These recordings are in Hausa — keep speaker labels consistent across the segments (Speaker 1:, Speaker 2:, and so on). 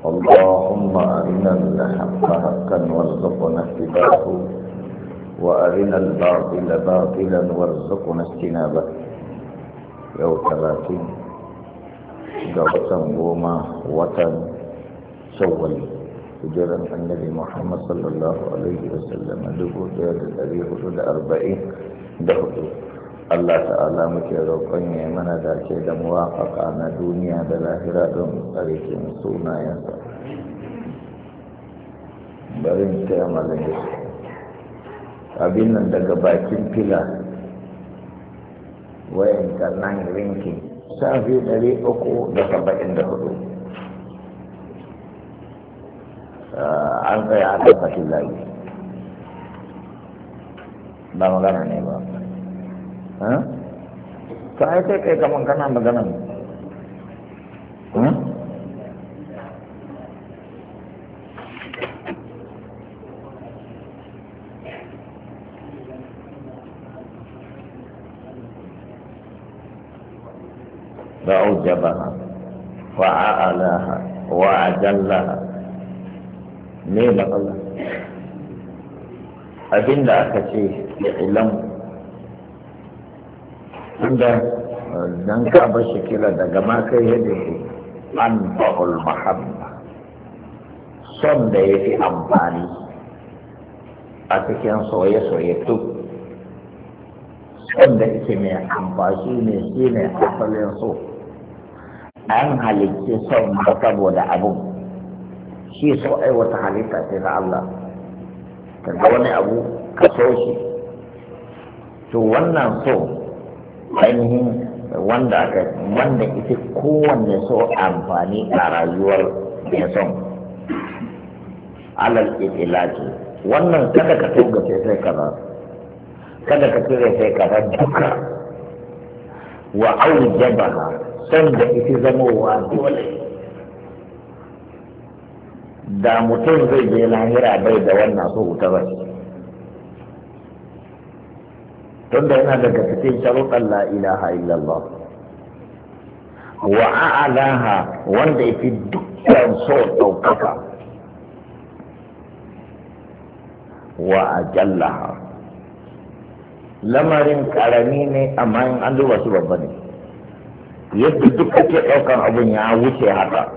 Speaker 1: اللهم أرنا الحق حقا وارزقنا اتباعه وأرنا الباطل باطلا وارزقنا اجتنابه يوم ثلاثين جوة غوما وطن سول هجرا النبي محمد صلى الله عليه وسلم دبو دير حدود الأربعين دبو Allah ta'ala muke roƙon ya mana dace da muwafaka na duniya da lahira don tsarikin sunayensa barin taya malaye abin nan daga bakin fila wayan nan rinkin safi ɗari uku da saba'in da hudu ah, an tsaya a kan ba magana ne ba saya da kayak kamu kena makanan Bau jabah wa alah wa ajalla ne ba abinda aka ce ya ilmu tunda eh, dan ka bar daga ma kai yadda shi an ba'ul mahabba son da ya fi amfani a cikin soye-soye duk son da yake mai amfani ne shi ne asalin so an halicci son ba saboda abun shi so ai wata halitta ce na Allah kaga wani abu ka so shi to wannan so ainihin wanda aka wanda ita kowanne so amfani a rayuwar ya son alal itilaki wannan kada ka tuga sai sai kaza kada ka tuga sai kaza duka wa aujabaha san da ita zamowa dole da mutum zai je lahira bai da wannan so ta bai don da yana daga cikin sharuɗan la ilaha illallah wa a'alaha wanda yafi dukkan so ɗaukaka wa ajallaha lamarin ƙarami ne amma in an duba su babba ne yadda duk ake ɗaukan abin ya wuce haka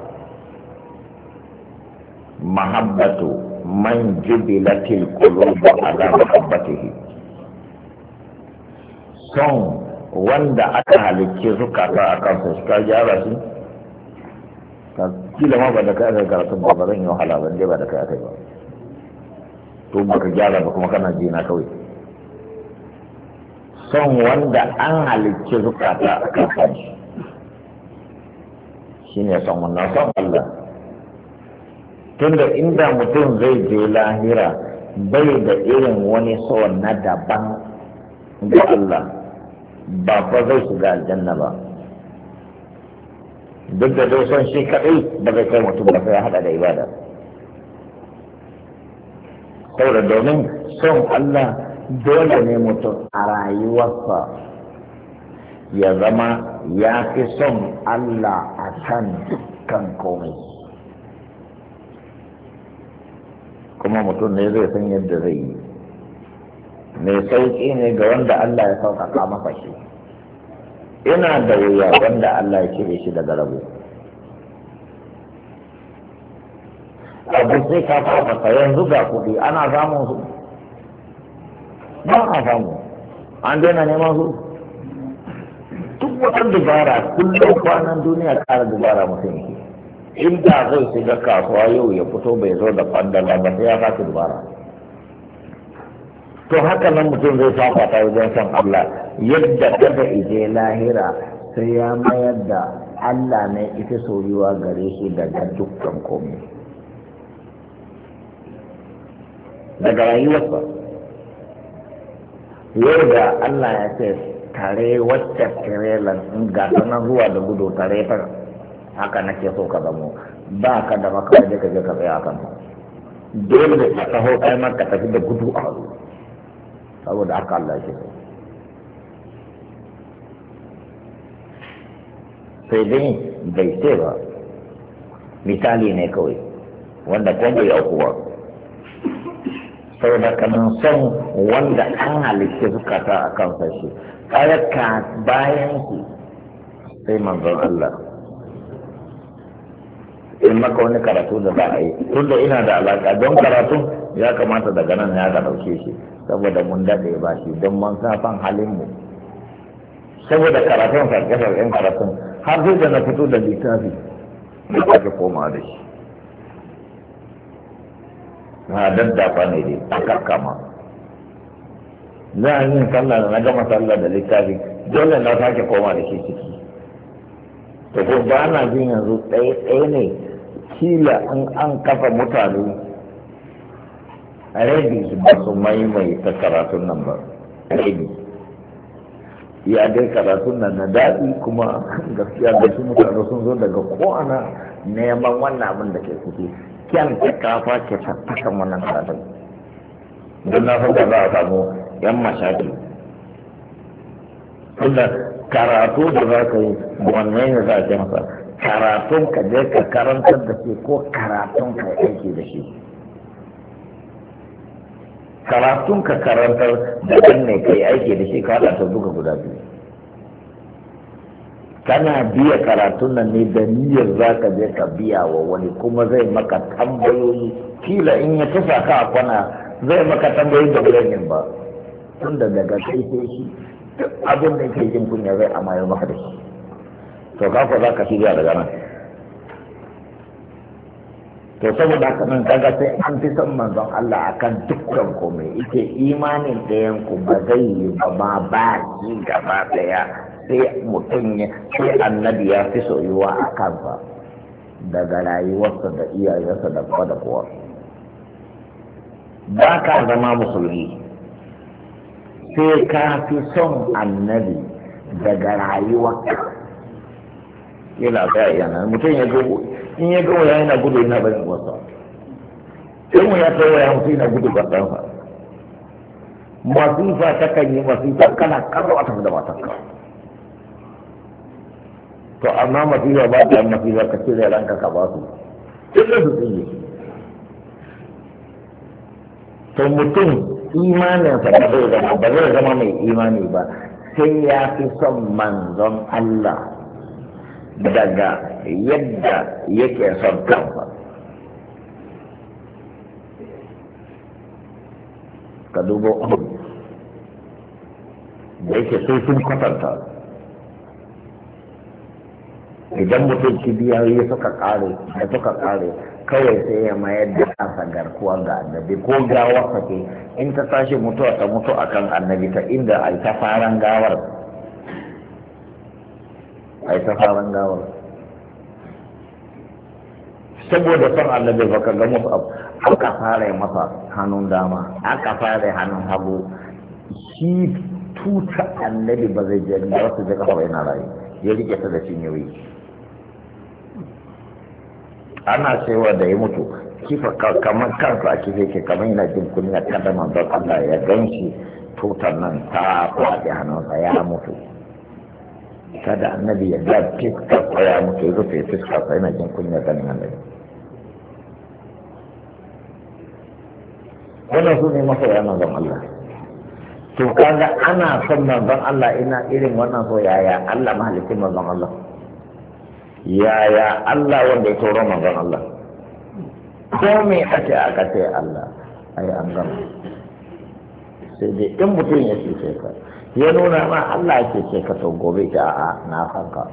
Speaker 1: mahabbatu man jubilatil qulubu ala mahabbatihi son wanda aka halicce zukata a kansa su ka gyara shi kila ma ba da kai aka karatun ba ba zan yi wahala ban dai ba da kai aka yi ba to ka gyara ba kuma kana jina kawai son wanda an halicce zukata a kansa shi shine son wannan son Allah tunda inda mutum zai je lahira bai da irin wani son na daban ga Allah ba fa zai shiga aljanna ba duk da dai son shi kaɗai ba zai kai mutum ba sai ya haɗa da ibada saboda domin son Allah dole ne mutum a rayuwarsa ya zama ya fi son Allah a kan dukkan komai kuma mutum ne zai san yadda zai yi mai sauƙi ne ga wanda Allah ya sauƙaƙa masa shi ina da wuya wanda Allah ya cire shi daga rabu abu sai ka fafasa yanzu ga kuɗi ana samun su ba a samu an daina neman su duk wata dubara kullum kwanan duniya ƙara dubara mutum yake in zai shiga kasuwa yau ya fito bai zo da kwandala ba sai ya fasa dubara to haka nan mutum zai saba ta wajen san Allah yadda kada ije lahira sai ya mayar da Allah ne ita soyuwa gare shi daga dukkan komai daga rayuwarsa yau da Allah ya ce tare wacce tirelan in ga sanan zuwa da gudu tare ta haka nake so ka zamo ba ka da maka da ka je ka tsaya kan dole ka taho kai maka tafi da gudu a hannu saboda haka Allah shi sai dai bai ce ba misali ne kawai wanda kan bai kuwa sai da kanan son wanda an halitta suka ta a kan sashi ka bayan ku sai manzon Allah in maka wani karatu da za a yi tunda ina da alaƙa don karatu ya kamata daga nan ya ga ɗauke shi saboda mun daɗe ba shi don man safan halinmu saboda karatun sarkasar yan karatun har zai da na fito da littafi na ake koma da shi na daddafa ne dai a kakkama na yin yi sallah da na gama sallah da littafi dole na sake koma da shi ciki to ko ba na jin yanzu ɗaya ɗaya ne kila an kafa mutane rabi ba su maimaita karatun nan ba rabi ya dai karatun nan na daɗi kuma gaskiya da su mutane sun zo daga ko'ana neman wannan abin da ke kuke kyan ta kafa ke tattakan wannan karatun don na da za a samu yan mashaki tunda karatu da za ka yi wannan ne za a ce masa karatun ka je ka karantar da shi ko karatun ka aiki da shi karatun ka karantar da kan ne kai aiki da shi ka ta duka guda biyu kana biya karatun nan ne da niyyar za ka je ka biya wa wani kuma zai maka tambayoyi kila in ya tafa ka a kwana zai maka tambayoyi da wurin ba tun da daga kai sai shi abin da ke jin kunya zai amayar maka da shi to kafa za ka biya daga nan to saboda haka nan kaga sai an fi son manzon Allah akan dukkan komai ita imanin ɗayan ku ba zai yi ba ma ba ki gaba ɗaya sai mutum ya sai annabi ya fi soyuwa a kansa daga rayuwarsa da iyayensa da kuma da kowa ba ka zama musulmi sai ka fi son annabi daga rayuwarka yana tsaya yana mutum ya zo in ya ga waya yana gudu yana barin wasa in waya ta waya mutu yana gudu ba ɗan fa masifa ta kan yi masifa kana karo a tafi da ka to amma masifa ba ta masifa ka cire ranka ka ba su da su yi to mutum imaninsa ba zai zama ba zai zama mai imani ba sai ya fi son manzon Allah daga yadda yake son kanfa ka dubo da yake sai sun kwatanta idan mutum kibiyoyi suka kare da suka kare kawai sai ya mayar da kansa garkuwa ga annabi ko gawar ce in ta tashi mutuwa ta mutu akan annabi ta inda ai ta faran gawar a yi ta faran gawar saboda son bai baka ga musu abu aka fara masa hannun dama aka fara hannun hagu shi tuta annabi ba zai je ba wasu je kafa yana rayu ya rike ta da cinyoyi ana cewa da ya mutu kifa kamar kanka a kife ke kamar yana jin kunya kada manzon Allah ya ganshi shi tutar nan ta faɗi hannunsa ya mutu kada annabi ya ga fiskar kwaya mutu ya rufe fiskar kwaya yana jin kunya ganin annabi wannan su ne ya manzon Allah to kaga ana son manzon Allah ina irin wannan so yaya Allah mahalikin manzon Allah yaya Allah wanda ya turo manzon Allah ko me ake a ce Allah ai an gama sai dai in mutum ya ce sai ka ya nuna ma Allah ke ce ka sau gobe ta a na kanka.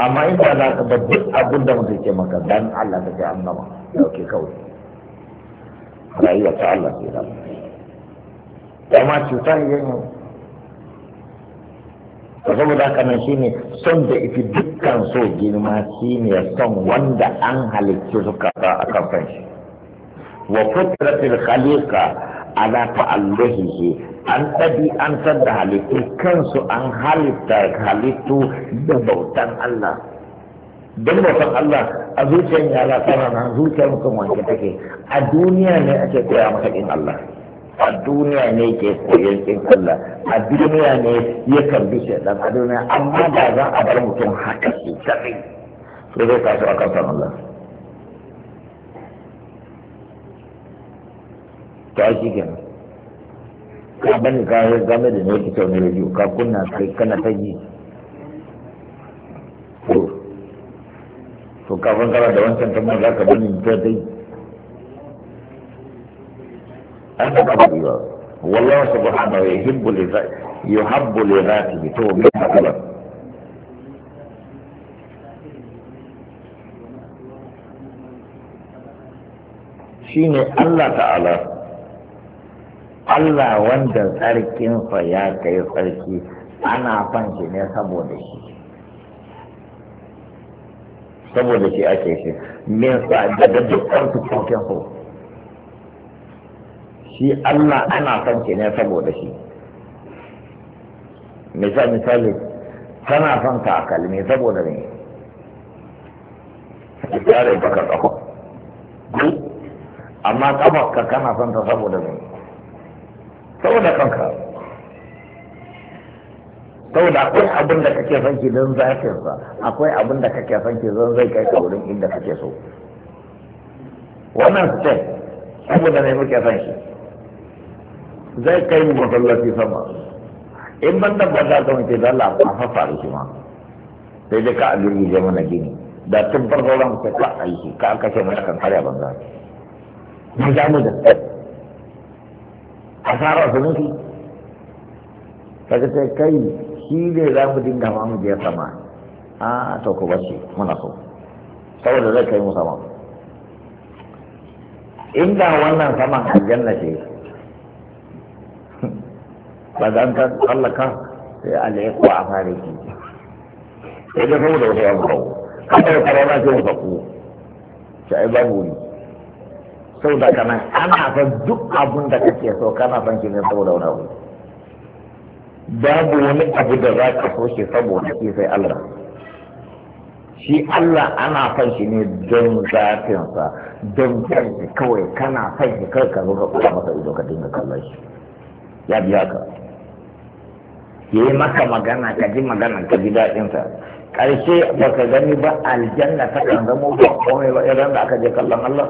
Speaker 1: amma in ba za ka babbi abin da mutum ke maka dan Allah ka ce an gama dauke kawai rayuwa ta Allah ke zama amma cuta ne yin da saboda haka nan shine son da ifi dukkan so girma shine son wanda an halittu suka kafa a kan shi wa fitratil khaliqa ala ta'alluhihi an an da halittu kansu an halitta halittu da bautan Allah don bautan Allah a zuciyar yara tana na zuciyar mutum wanke take a duniya ne ake koya maka din Allah a duniya ne ke koyon din Allah a duniya ne ya karbi shaɗan a duniya amma da za a bar mutum haka shi kaɗai sai zai tashi a kan Allah. Ta aiki kenan. ka bani ka yi game da ne kitau na rediyo ka kunna kai kana ta yi to kafin kana da wancan tamar za ka bani ta dai an da kaba biyu wallahu subhanahu wa yuhibbu li yuhibbu li dhatihi to min akbar shine Allah ta'ala Allah wanda tsarkinsa ya kai tsarki ana son shi ne saboda shi saboda shi ake shi min sa daga dukkan su cikin su shi Allah ana son shi ne saboda shi misal misali kana son ka kalmi saboda ne ki kare baka kafa amma kafa ka kana son ta saboda ne saboda kanka saboda akwai abin da kake son ki don zafin sa akwai abin da kake son ki don zai kai ka wurin inda kake so wannan su ce saboda ne muke son shi zai kai mu masallaci sama in ban da bada ta mace da Allah a fafa shi ma sai dai ka alurgi je mana gini da tun farko ran ka ka aiki ka kashe mana kan karya banza mu za mu da a fara su nufi kaga kai shi ne za mu dinga ma mu biyar sama a to ku bace muna so saboda zai kai mu sama inda wannan saman aljanna ce ba zan ka tsallaka sai alaikwa a fara shi sai da saboda wasu ya kawo kada ya fara na ce mu faku sai babu wuri saboda kana ana san duk abun da kake so kana san shi ne saboda wani abu babu wani abu da za ka so shi saboda shi sai Allah shi Allah ana san shi ne don zafinsa don kyanki kawai kana san shi kar ka zo ka kula masa ido ka dinga kallon shi ya biya ka ya yi maka magana ka ji magana ka ji daɗinsa ƙarshe ba ka gani ba aljanna ta kan zama ba komai ba idan da aka je kallon Allah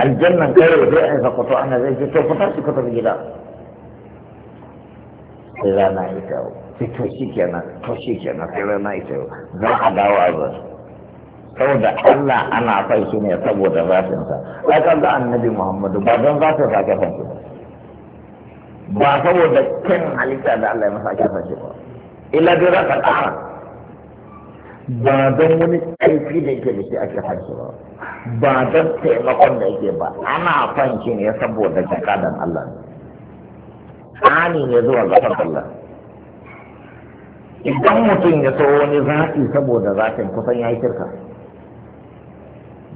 Speaker 1: aljannan kare sai an sa kwato ana zai ce to fita shi kwato gida sai rana ya kawo sai to shi kenan to shi kenan sai rana ya kawo za a dawo a zai saboda Allah ana son shi ne saboda zafinsa ai kaga annabi Muhammadu ba don zafin sa ake son shi ba saboda kin halitta da Allah ya masa ake son shi ba illa dai za ka tsara ba don wani ƙarfi da yake da shi ake fanshi ba ba don taimakon da yake ba ana fanshi ne saboda jakadan Allah tsani ne zuwa ga Allah idan mutum ya so wani zafi saboda zafin kusan ya yi shirka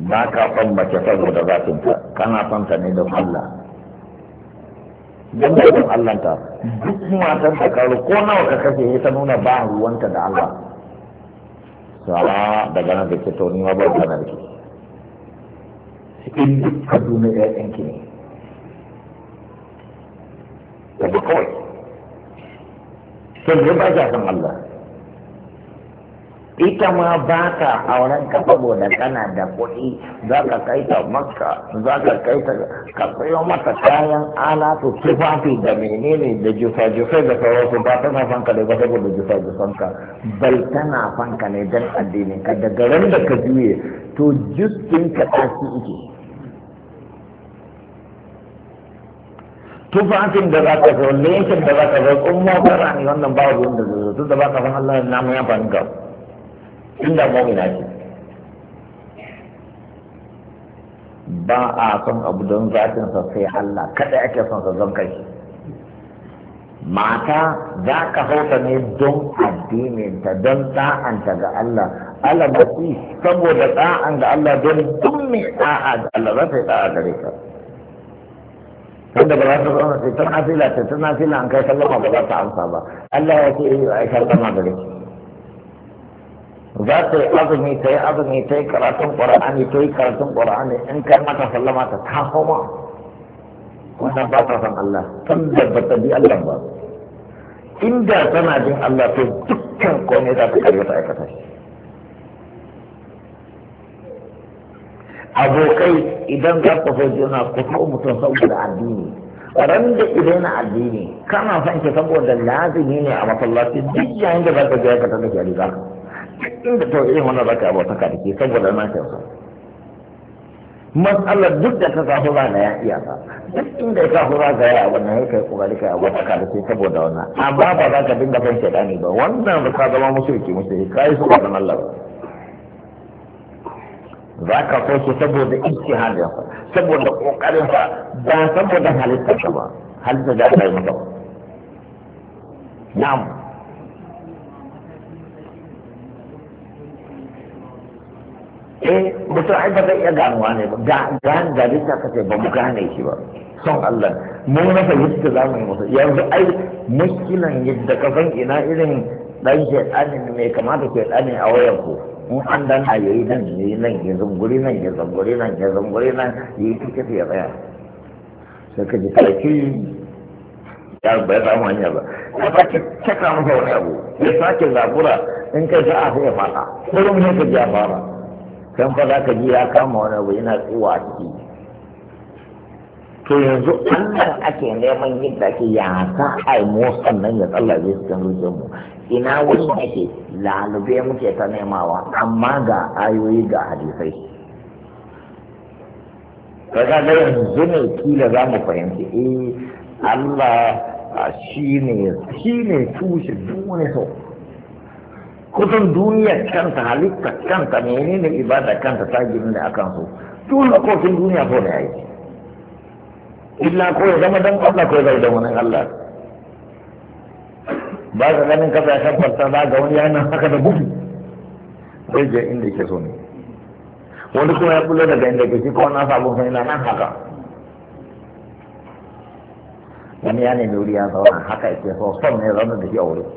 Speaker 1: ba ka son mace saboda zafin ta kana son ta ne don Allah don da don Allah ta duk matan ta karo ko nawa ka kashe ya ta nuna ba ruwanta da Allah sawa daga nan da ke to ni ma ba da nan in duk kaduna ya yanki ne ka bi kawai sai ba ja san Allah ita ma ba ka auren ka saboda kana da kuɗi za ka kai ta maka za ka kai ta ka sayo mata kayan alatu tufafi da menene da jufa-jufa da sauransu ba tana fanka da ba saboda jufa-jufan bai bal tana fanka ne don addinin ka daga ran da ka juye to jukin ka ta ɗaki ike tufafin da za ka zo lekin da za ka zo kuma ba rani wannan babu wanda zai zo tun da ba ka san Allah na mu ya fanka. inda mu'mina ce ba a son abu don zatinsa sai Allah kada ake son sa zon kai mata za ka hauta ne don addininta don ɗa'anta ga Allah Allah ba su saboda ɗa'an ga Allah don duk mai ɗa'a ga Allah za ta yi ɗa'a gare ka wanda ba za ta zauna sai ta nafila ta ta nafila an kai sallama ba za ta amsa ba Allah ya ce yi a sallama gare ki za ta yi azumi ta yi azumi ta yi karatun ƙwar'ani ta yi karatun ƙwar'ani in kai mata sallama ta taho wannan ba ta san Allah san da ba ta bi Allah ba inda tana jin Allah to dukkan kone za ta karya ta aikata shi abokai idan za ku so juna ku hau mutum saboda addini ran da idan na addini kana son ki saboda lazimi ne a masallaci duk yayin da za ka je aikata da ke a inda ta irin wannan zaka abota ka ke saboda na kyau Mas'ala duk da ta sahu ba na ya iya ba duk inda ka sahu ba ga ya wannan ya kai kokari kai abota ka ke saboda wannan amma ba za ka dinga fan shaidani ba wannan ba ka zama mushriki mushriki kai su ba dan Allah ba za ka so su saboda ijtihadinsa saboda kokarinsa ba saboda halittarsa ba halitta da ta yi masa na'am eh mutum ai ba zai iya ganuwa ne ba ga gan gari ta kace ba mu gane shi ba son Allah mu na fahimta za mu yi musu yanzu ai muskilan yadda ka san ina irin dan ne mai kamata shaytanin a wayan ku in an dan yayi nan ne nan ya zunguri nan ya zunguri nan ya zunguri nan yi kike ya tsaya sai ka ji kai ya ba ya samu hanya ba ya sake caka masa wani abu ya sake zabura in kai za a sai ya fada kullum ne ka ji a fara can fa za ka ji ya kama wani abu yana tsuwa a ciki to yanzu Allah ake neman yadda ake ya sa ai mu sannan ya tsallake su kan zuciyar mu ina wani ke lalube muke ta nemawa amma ga ayoyi ga hadisai ga da yanzu ne kila za mu fahimci eh Allah shi ne shi ne tushe duk wani sau kusan duniyar kanta halitta kanta menene ibada kanta ta gini da akan so tun kofin duniya ko da yi illa ko ya zama dan Allah ko ya zama dan wani Allah ba ka ganin ya farta ba ga wani yana haka da bugu zai je inda yake so ne wani kuma ya kula daga inda yake ko na sabon sai na nan haka wani ya nemi wuri ya zauna haka yake so son ne zama da shi a wurin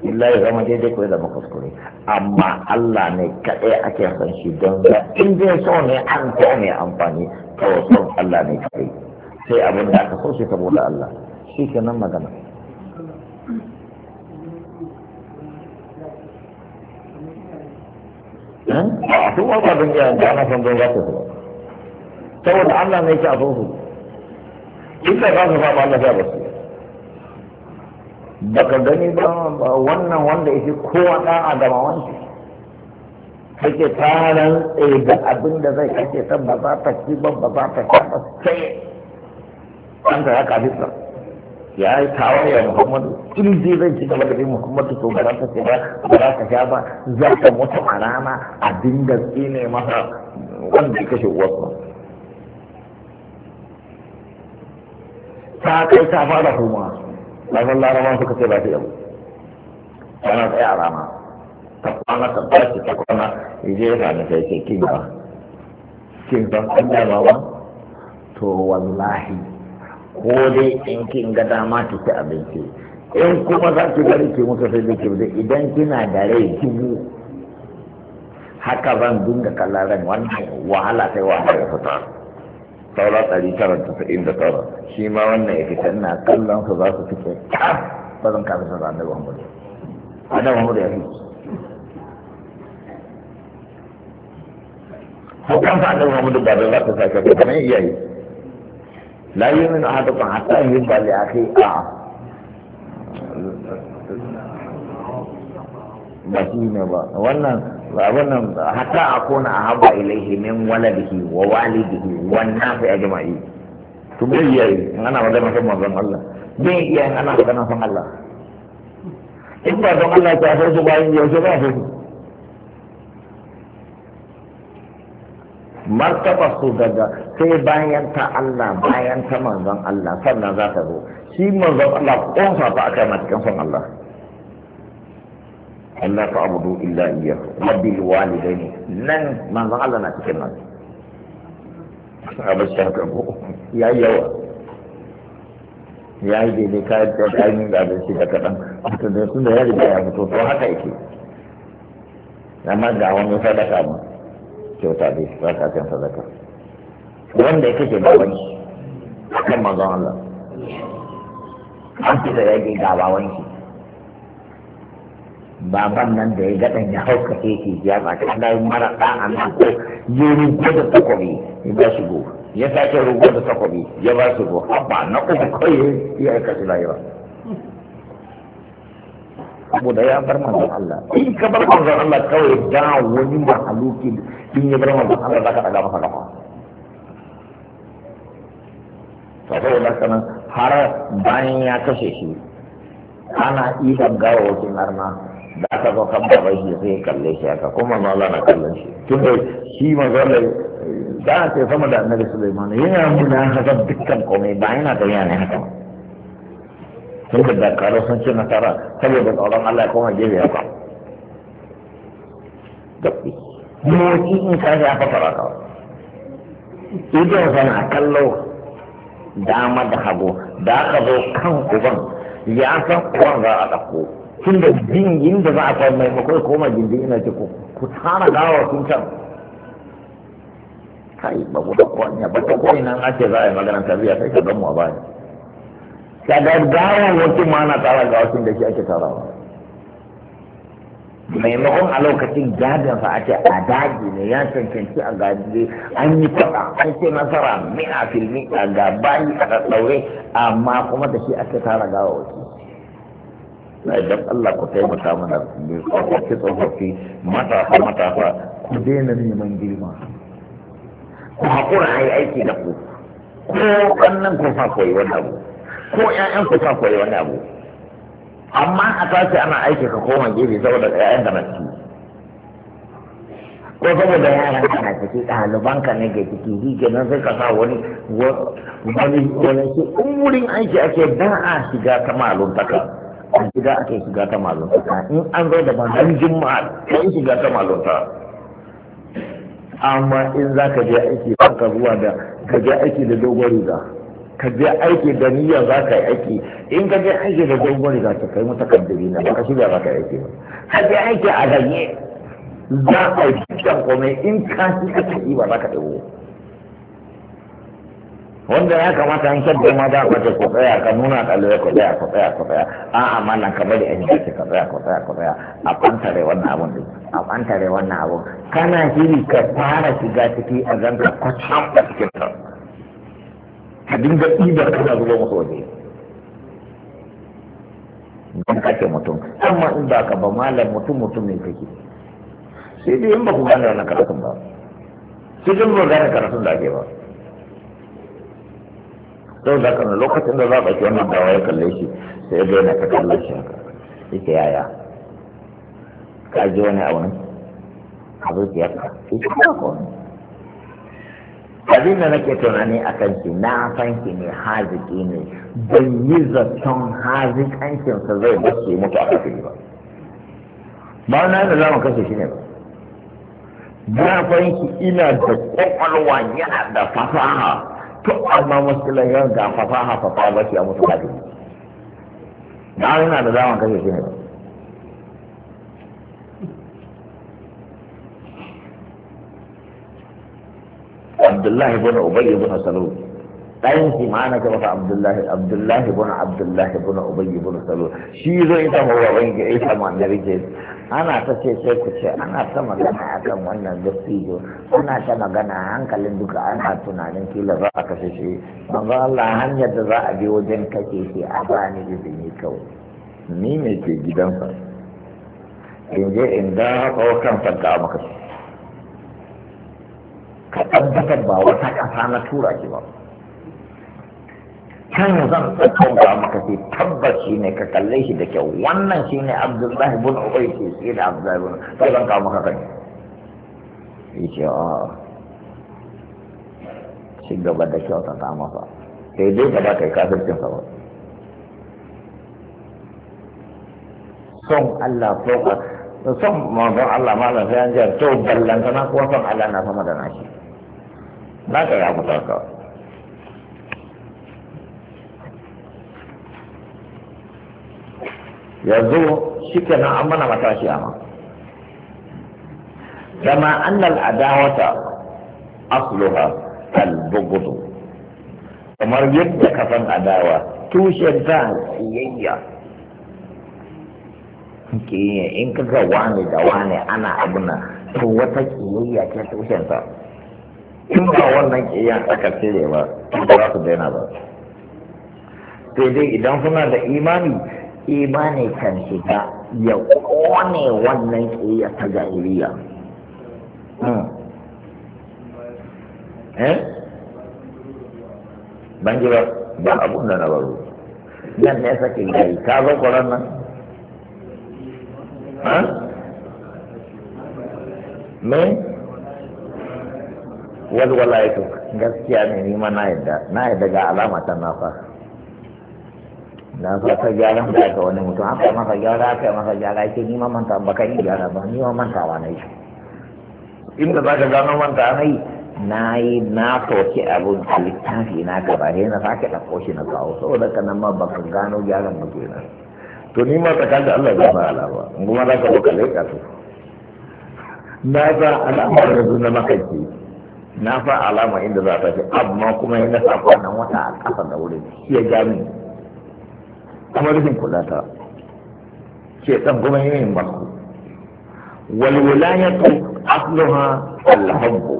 Speaker 1: illa ya zama daidai ko ya zama kuskure amma Allah ne kaɗai ake san shi don da in zai so ne an ta ne amfani to son Allah ne kaɗai sai abin da aka so shi saboda Allah shi ke nan magana a tun wata abin yaran da ana san don za su saboda Allah ne ke a so su Ita za su faɓa Allah ya basu baka gani ba wannan wanda yake kowa da adama wanki take ta rantse da abin da zai kake ta ba za ta ci ba za ta ci ba sai an ta haka bisa ya yi tawaya muhammadu in zai zai ci gaba da bi muhammadu to ba za ta ce ba ba za ta sha ba za ta mutu a rana abin da ne masa wanda ya kashe wasu ta kai ta fara kuma lafin larabawa suka ce ba ta yabo ana tsaye a rana ta kwana ta shi ta kwana je ya sami sai ce kin ba kin san an dama ba to wallahi ko dai in kin ga dama ki ci abinci in kuma za ki bari ki mutu sai da ki idan kina da rai dubu haka zan dinga kallon ran wannan wahala sai wahala ya fita saura ɗari tara da tasa'in da tara shi ma wannan ya fita ina kallon su za su fice kaf ah! ba zan kafin sa annabi Muhammad annabi Muhammad ya fi ko kan sa annabi Muhammad ba da za ta sake ba kamar iyaye la yu'minu ahadukum hatta yuhibba a akhihi a. Ah! ba shi ne ba wannan abin hata a kona a haɓa ilaihi min waladihi wa walidihi wannan fi ajma'i to bai yayi in ana magana kan manzon Allah yi yayi in ana magana kan Allah in ba don Allah ta so su yau yaushe ba su martaba su daga sai bayan ta Allah bayan ta manzon Allah sannan za ta zo shi manzon Allah sa fa aka mata kan son Allah Allah ta abudu illa iya rabbil walidaini nan manzon Allah na cikin nan abin ka ko ya yawa ya yi daidai ka da kayan da abin shi da kaɗan to da sun da yari da ya fito to haka yake amma ga wani sadaka mu kyauta dai ba ka kan sadaka wanda ya kashe baban kan manzon Allah wanki da yake gaba wanki baban nan da ya gaɗan ya hauka keke ya ba ta da mara ɗan a nan ko ya ko da takobi ya ba shi go ya sake rugo da takobi ya ba shi go haba na uku kawai ya aika shi layuwa saboda ya bar manzon Allah in ka bar manzon Allah kawai da wani mahaluki din ya bar manzon Allah zaka daga masa kafa ta sai da kana har bayan ya kashe shi ana iban gawa wasu arna da aka zo kan babai shi sai kalle shi aka kuma mala na kallon shi tun da shi magana za a ce sama da annabi Sulaiman yana muna haka dukkan komai ba yana tafiya ne haka sun da dakaro sun ce nasara saboda tsoron Allah ya koma gefe haka gaɓi mawaki in ka a fasara kawai idan sana kallo dama da hagu da aka zo kan uban ya san uban za a ɗauko tun da jingin da za a kai maimakon koma gindin ina ce ku tara gawa sun can kai ba ku ɗauko ne ba ta koyi nan ake za a yi maganar tarbiyya sai ka gamu a baya ka ga gawa wancan ma na tara gawa sun da shi ake tarawa maimakon a lokacin gadon fa a ce a daji ne ya cancanci a gaji an yi kwaɗa an ce nasara mai a filmi a gabayi a ɗaɗɗaure amma kuma da shi ake tara gawa wasu na idan Allah ku taimaka mana tsofaffi tsofaffi matafa matafa ku daina neman girma ku haƙura a yi aiki da ku ko ƙannan ku sa koyi wani abu ko ƴaƴan ku sa koyi wani abu amma a tashi ana aiki ka koma gefe saboda ƴaƴan da na ko saboda yaran ka na ciki ɗaliban ka ne ke ciki shi kenan sai ka sa wani wani wani shi in wurin aiki ake ba a shiga ta taka a shiga ake shiga ta taka in an zo da ban juma'a kai shiga ta taka amma in za ka je aiki ka zuwa da ka je aiki da dogon riga ka je aiki da niyya za ka yi aiki in ka je aiki da dogon za ka kai mata kaddari na ba ka shirya ba ka yi aiki ba ka je aiki a ganye za a yi dukkan komai in ka shi ka tafi ba za ka ɗauko wanda ya kamata an kyan dama za ka ce ko tsaya ka nuna ɗalibai ko tsaya ko tsaya ko tsaya amma mallan ka bari an yi ka tsaya ko tsaya ko tsaya a kwantare wannan abun din a kwantare wannan abun kana shiri ka fara shiga ciki a zanka kwacan a cikin ka dinga ɗibar kana zuba musu waje don kake mutum amma in ba ka ba malam mutum mutum ne kake sai dai in ba ku gane wannan karatun ba sai dai ba gane karatun da ake ba sau da kana lokacin da za a ɗauki wannan dawa ya kalle shi sai dai na ka kalle shi haka yake yaya ka ji wani abu ne a zuciyarka ita ba ka wani abin da nake tunani a kanki na fanki ne haziki ne ban yi zaton hazikancin zai ba su mutu a kafin ba ba na da za mu kashe shi ne ba na fanki ina da kwakwalwa yana da fasaha to amma muskilan yau ga fasaha fasaha ba shi a mutu kafin ba na da za mu kashe shi ne ba abdullahi bin ubayy bin salul ɗayan shi ma ana masa abdullahi abdullahi bin abdullahi bin ubayy bin salul shi zo ta samu baban ki ya samu annabi ke ana ta ce sai ku ce ana ta magana akan wannan dattijo ana ta magana hankalin duka ana tunanin kila za a kashe shi manzo Allah hanyar da za a bi wajen kake shi a bani izini kawai ni ne ke gidansa in je in ga kawo kan fadda maka shi ka tabbatar ba wata ƙasa na tura ki ba kan zan tsakanta maka ce tabbas shi ne ka kalle shi da kyau wannan shi ne abdullahi bin ubay ke shi da abdullahi bin sai zan kawo maka kai ya ce a ah, shi gaba da kyau ta kama fa sai dai gaba kai kafircin sa ba son Allah son son manzon Allah malam sai an jar to ballantana kuwa son Allah na sama da nashi Na ka yi abubakar yanzu shi ke nan an mana matashi a nan kama annal adawata asluha al bugudu kamar yadda ka san adawa tushen ta siyayya ke in kaga wani da wani ana abuna to wata kiyayya ke tushen ta in ba wannan kiyan aka cire ba ba za su daina ba sai dai idan suna da imani imani kan shiga ya kone wannan kiyan ta jahiliya hmm. eh? ban ji ba ba abun da na baro nan ne sakin gari ka zo kwaron nan me wala ya to gaskiya ne ni ma na yadda na yadda ga alama ta na fa na fa ta gyara da ga wani mutum ma ka gyara ma ka gyara ke ni ma manta ba yi gyara ba ni ma mantawa na yi inda za ka gano manta na yi na yi na toke abun a littafi na gaba ne na sake ɗauko shi na kawo saboda ka nan ma ba ka gano gyaran ba nan to ni ma tsakanin da Allah ya ba alama kuma za ka ba ka leƙa su na ga alama da zuna makanci na fa alama inda za ta fi amma kuma yana sa kwanan wata a ƙasa da wurin ya gami kuma rufin kula ta ce ɗan kuma yanayin baku walwulayatu asluha alhabbu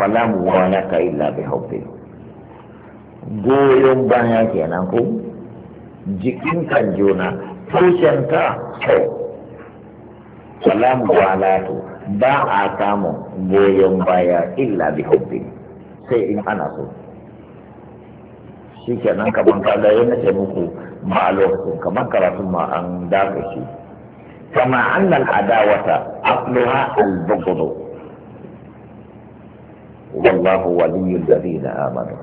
Speaker 1: fala ka illa bi hubbi goyon baya kenan ko jikin kan juna tushen ko kyau fala to. ba a samun goyon baya illa bi hubbi sai in ana so shi kenan kaman kaga yana ce muku ba a lokacin kaman karatun ma an daga shi kama annal adawata asluha al-bughd wallahu waliyyul ladina amanu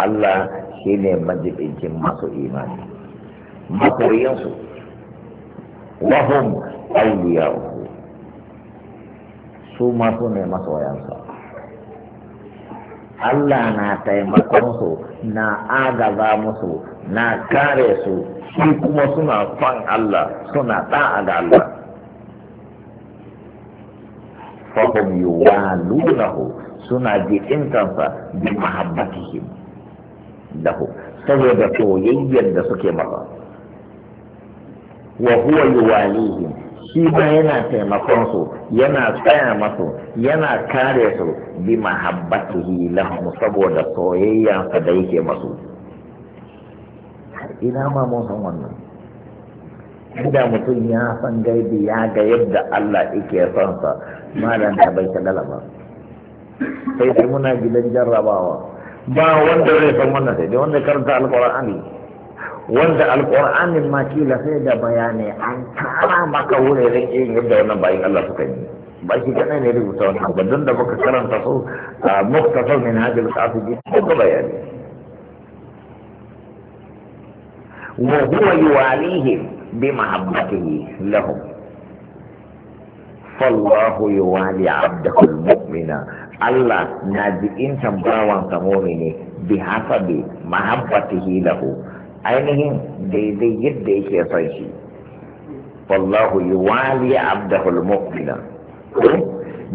Speaker 1: Allah shine majibincin masu imani makoyansu wahum awliya'u su masu ne masoyansa Allah na taimakonsu na agaza musu na kare su su kuma suna fan Allah suna ɗa'a ga Allah fahim yuwalunahu suna jikintansa bi mahabbatihim dahu saboda soyayyar da suke masa wa huwa yuwalihim shi ma yana taimakon su yana tsaya masu yana kare su bi mahabbatihi mu saboda soyayya sa da yake masu ina ma mun san wannan inda mutum ya san gaibi ya ga yadda Allah yake son sa malam da bai ta dalaba sai dai muna gidan jarrabawa ba wanda zai san wannan sai dai wanda karanta alqur'ani wanda alƙur'anin ma kila sai da bayani an kara maka wuraren irin yadda wannan bayan Allah suka yi ba shi kana ne rubuta wannan ba don da muka karanta so a muktasar min hadil qasid da bayani wa huwa yuwalihi bi mahabbatihi lahum fallahu yuwali abdahu almu'mina Allah na jikin tambawan sa mu'mini bi hasabi mahabbatihi lahu ainihin daidai yadda yake son shi wallahu yuwali abdahul almu'mina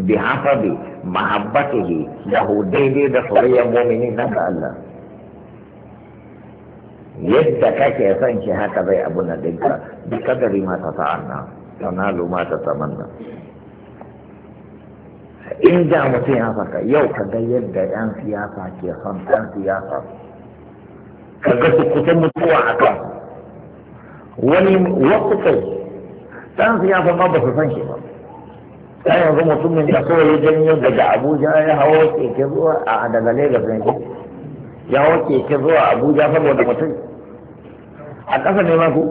Speaker 1: bi hasabi mahabbatihi lahu daidai da soyayyar mu'minin nan da Allah yadda kake son shi haka zai abu na dinka bi kadari ma ta ta'anna tanalu ma ta tamanna in da mutum ya saka yau ka ga yadda 'yan siyasa ke son yan siyasa kaga su kusan mutuwa a kan wani wasu kai ɗan ya ma ba su san shi ba ɗan yanzu mutumin da kawai ya janyo daga abuja ya hawo keke zuwa a daga lagos ne ya hawo keke zuwa abuja saboda mutum a ƙasa ne ma ku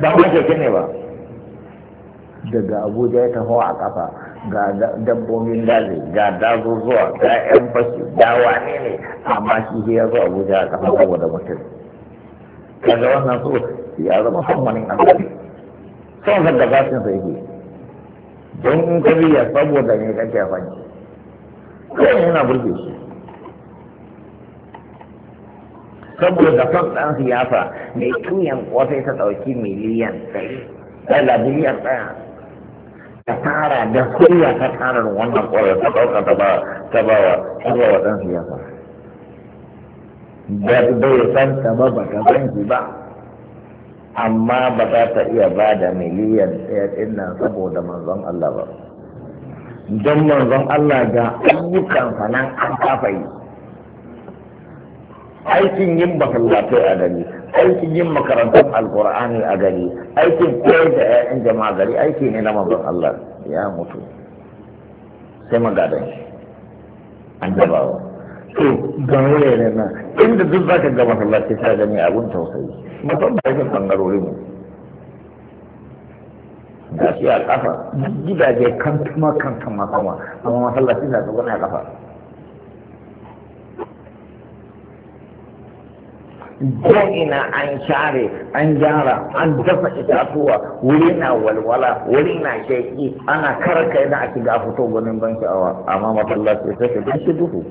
Speaker 1: ba ma keke ne ba daga abuja ya taho a ƙasa ga dabbobin daji ga zuwa ga yan fashi dawa wane ne amma shi ya zo abuja a kafa da mutum kaga wannan so ya zama son wani annabi son sa da zafin sa yake don in ka biya saboda ne kake fanki kawai yana burge shi saboda son ɗan siyasa mai tuyan wasai ta ɗauki miliyan ɗari ɗaya miliyan ɗaya ta tara da kuriya ta tara wannan ƙwarar ta ɗauka ta ba ta ba wa ta ba wa ɗan siyasa da bai san ta ba ba ta san ki ba amma ba za ta iya ba da miliyan ɗaya ɗin nan saboda manzon Allah ba don manzon Allah ga ayyukansa nan an kafa yi aikin yin ba sallatai a dalilin aikin yin makarantar alkur'ani a gari aikin koyar da ƴaƴan jama'a gari aiki ne na mazan Allah ya mutu sai magadan shi annabawa to ga wuraren na, inda duk zaka ga masallaci ta gani abun tausayi musamman yake bangarori mu da shi a kafa gidaje kan tuma kan kan makama amma masallaci na tsogana a kafa ina an share an gyara an dafa itatuwa wuri na walwala wuri na shaiki ana karka yadda ake ga fito gwanin ban sha'awa amma masallaci sai ka gan shi duhu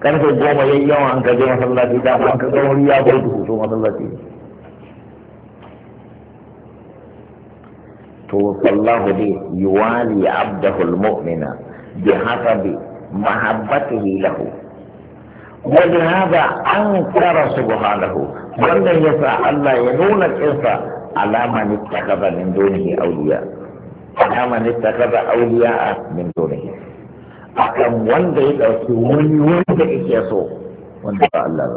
Speaker 1: karfe goma yi yawa an kaje masallaci da an ka ga wuri ya bar duhu to masallaci to sallahu dai yuwali abdahu almu'mina bihasabi mahabbatihi lahu ولهذا أنكر سبحانه ولن يسعى الله ينون الإنسى على من اتخذ من دونه أولياء على من اتخذ أولياء من دونه أكم وند يدعوكي وني وند إكيسو وند الله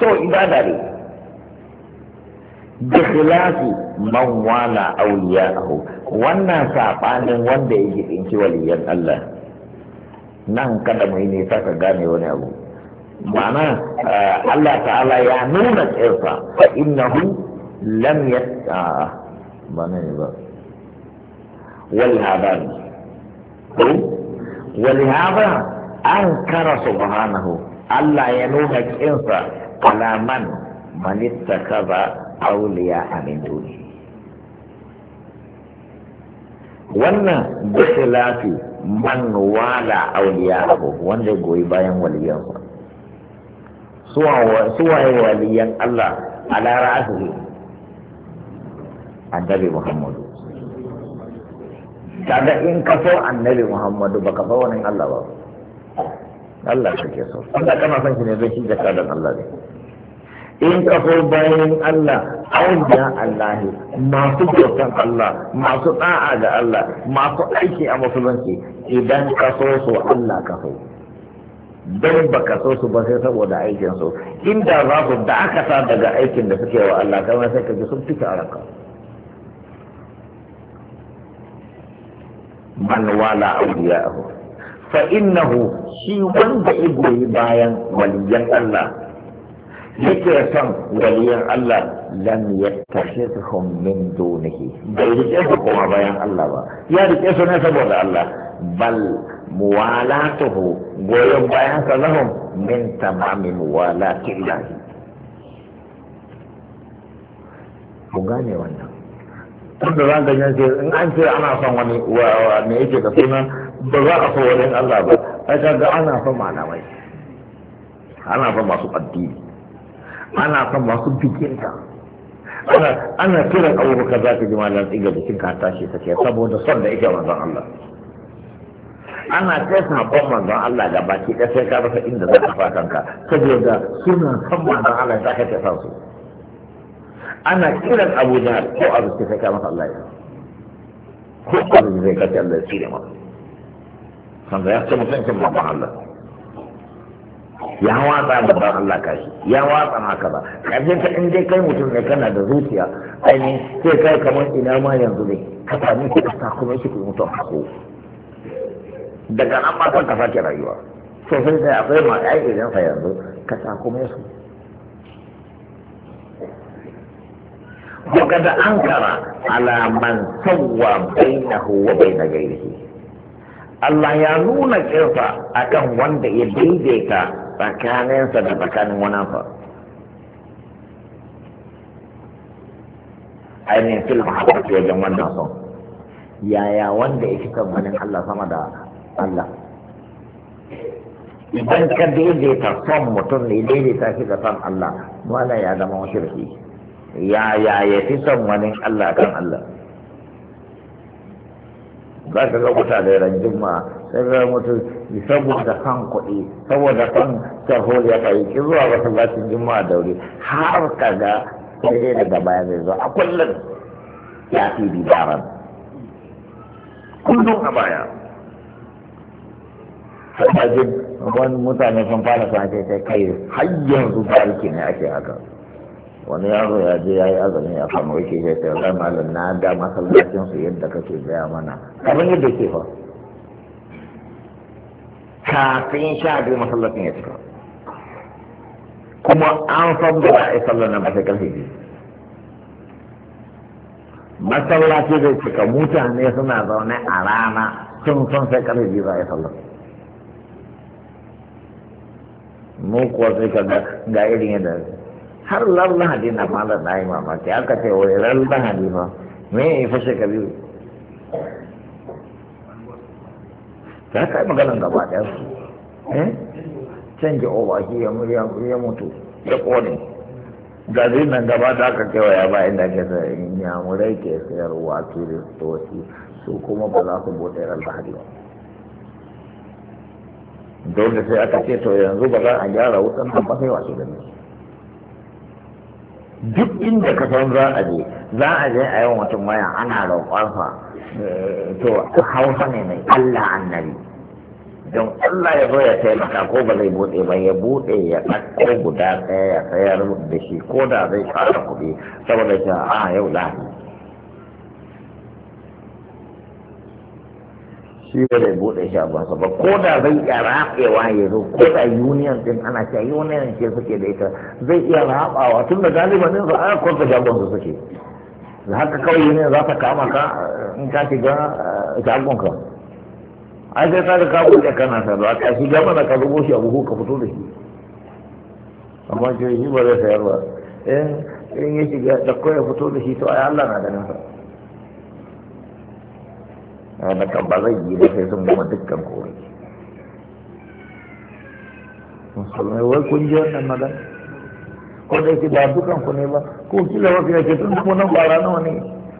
Speaker 1: سو إبادة لي بخلاف من والى أولياءه وانا سعبان وند يجب إنك وليا الله nan kada mu yi nisa ka gane wani abu ma'ana eh, Allah ta'ala ya nuna tsirfa fa innahu lam ya ba na ne ba wal habari ko wal an kara subhanahu Allah ya nuna kinsa alaman man ittakaza awliya min dunihi wannan da lafi man wala auliya abu wanda goyi bayan waliyansa suwaye waliyan Allah a lara asiri annabi Muhammadu kaga in ka so annabi Muhammadu baka fa wani Allah ba Allah kake so Allah kana son shi ne zai shi da kadan Allah ne in kafo bayan Allah auliya Allah masu bautan Allah masu da'a ga Allah masu aiki a musulunci idan so su Allah kaso don ba ka so su ba sai saboda aikin su inda za su da aka sa daga aikin da suke wa Allah kama sai ka ji sun fita raka man wala auliya fa innahu shi wanda igoyi bayan waliyan Allah yake son waliyan Allah lam yattakhidhum min dunihi bai rike su kuma bayan Allah ba ya rike su ne saboda Allah bal muwalatuhu goyon bayan sa lahum min tamami muwalati ilahi ku gane wannan tunda za ka yanke in an ce ana son wani wa me yake da suna ba za a so wani Allah ba ai ga ana son malamai ana son masu addini ana son masu bikinka ana ana kiran abubakar za ka ji malam ga jikin ka tashi ce saboda son da ike manzon Allah ana kai sabon manzon Allah ga baki ɗaya sai ka rasa inda za ka fatan ka saboda suna son manzon Allah za ka ta san su ana kiran Abu da ko Abu sai ka masa Allah ya ko Abu zai ka ta Allah ya tsire masa sanda ya ce mutuncin manzon Allah ya watsa babban Allah kashi ya watsa maka ba kaje ka in dai kai mutum ne kana da zuciya ainihin sai kai kamar ina ma yanzu ne ka sami shi ka sa kuma shi ku mutum hako daga nan ma kan ka sake rayuwa to sai sai akwai ma ai idan sa yanzu ka ta kuma su ko kada ankara, kara ala man sawwa bainahu wa bain ghairihi Allah ya nuna kirsa akan wanda ya daidaita tsakaninsa da tsakanin wanansa ainihin fil mahabbati wajen wannan son yaya wanda ya kan ganin Allah sama da Allah idan ka daidaita son mutum ne daidaita shi da son Allah wala ya zama shirki yaya ya fi son wani Allah kan Allah za ka ga da yaran juma'a daga mutum saboda kan kuɗi saboda kan shahol ya kai ki zuwa masallacin juma'a da wuri har ka ga sai daga baya zai zo a kullum ya fi bidaran kullum a baya sai wani mutane sun fara sace ake kai har yanzu bariki ne ake haka wani yaro ya je ya yi azumi a kamar yake ya ce malam na da masallacin su yadda kake gaya mana kamar yadda ke fa kafin sha biyu masallacin ya cika kuma an san da ya yi sallar nan ba sai karfe biyu masallaci zai cika mutane suna zaune a rana sun son sai karfe biyu za a yi sallar mu kuwa sai ka ga irin yadda har lallan hadina ma da na yi mamaki aka ce wai lallan hadina me ya fashe ka biyu ya kai maganan gaba ɗaya su canja oba shi ya mutu ya kone gari nan gaba da aka ya ba inda ke ya murai ke sayarwa kiristoci su kuma ba za su bude albahari ba dole sai aka ce to yanzu ba za a gyara wutan nan ba sai wasu gani duk inda ka san za a je za a je a yi mutum waya ana roƙonsa eh, to hausa ne mai allah annabi don allah ya zo ya taimaka ko ba zai buɗe ba ya buɗe ya ɗauko guda ɗaya ya sayar da shi ko da zai fara kuɗi saboda ta a ah, yau lahi shi ba zai buɗe shagonsa ba ko da zai iya raɓewa ya zo ko da union din ana cewa union ce suke da ita zai iya raɓawa tun da galibanin su a kwarta su suke haka kawai ne za ka kama ka eh, in ka shiga eh, shagonka ai sai ka da ka buɗe kana sa da ka shiga mana ka zubo shi a buhu ka fito da shi amma ke shi ba zai sayar ba in in ya shiga da ya fito da shi to ai Allah na ganin sa da kan ba zai yi da sai sun goma dukkan kore musulmai wai kun ji wannan magana ko da yake ba dukan ku ne ba ko kila wasu ya ce tun da nan bara nawa ne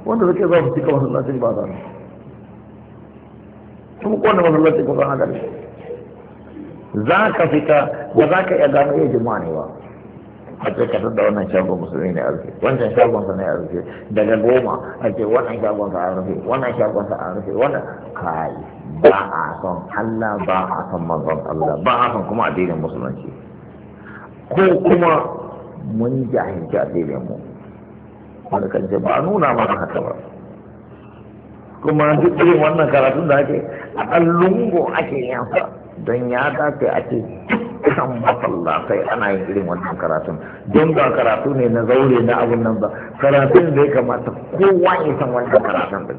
Speaker 1: wanda suke za su cika masallacin ba za su ko wanda masallacin ba na gari za ka fita ba za ka iya gano yin jima'a ne ba a ce ka da wannan shagon musulmi ne a rufe wancan shagon sa ne a rufe daga goma a ce wannan shagon sa a rufe wannan shagon sa a rufe wannan kai ba a son Allah ba a son manzon Allah ba a son kuma addinin musulunci ko kuma mun jahilci daidai mu wanda kan ce ba a nuna mana haka ba kuma duk irin wannan karatun da ake a ɗan lungo ake yin sa don ya dace ake kusan masallatai ana yin irin wannan karatun don ba karatu ne na zaure na abun nan ba karatun da kamata kowa ya san wannan karatun ɗin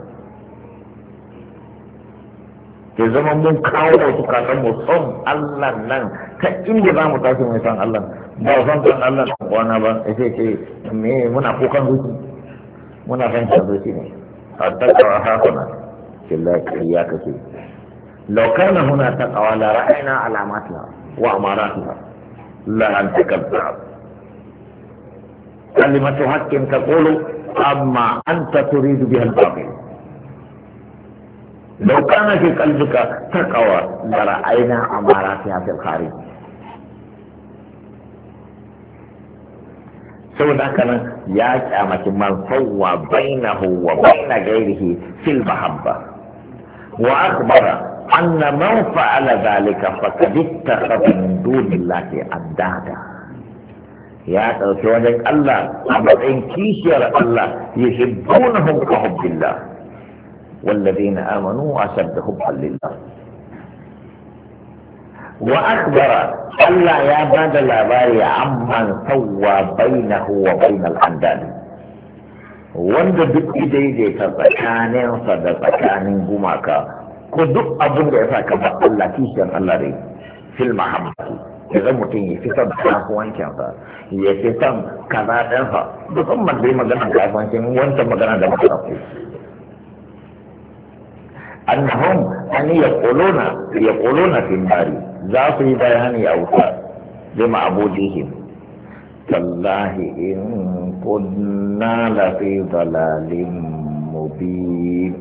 Speaker 1: Ka zama mun kawo da su kasan mu son Allah nan ta inda za mu tashi mai son Allah ba son son Allah nan kwana ba ya ce ce me muna kukan zuci muna son ta zuci ne hatta kawa hakuna ce na. kariya kake لو كان هنا تقوى لرأينا علاماتها وأماراتها ta أن تكذب كلمة حق تقول أما أنت تريد بها الباطل لو كان في قلبك تقوى لرأينا أماراتها في الخارج سو كان يا كما من هو بينه وبين غيره في المحبة وأخبر أن من فعل ذلك فقد اتخذ من دون الله أندادا يا ترى الله أما إن كيشير الله يحبونهم كحب الله والذين آمنوا أشد حبا لله وأخبر ألا يا بعد الأباري عمن سوى بينه وبين الأنداد wanda duk daidaita tsakaninsa da tsakanin gumaka ko duk abin da ya sa ka ba Allah kishiyar Allah ne fil mahammatu idan mutum ya fi son sa, ya fi son kaza musamman dai maganar kasuwancin wancan magana da muka ɗauko أنهم أن يقولون يقولون في النار ذات بيان أوتار لمعبودهم تالله إن كنا لفي ضلال مبين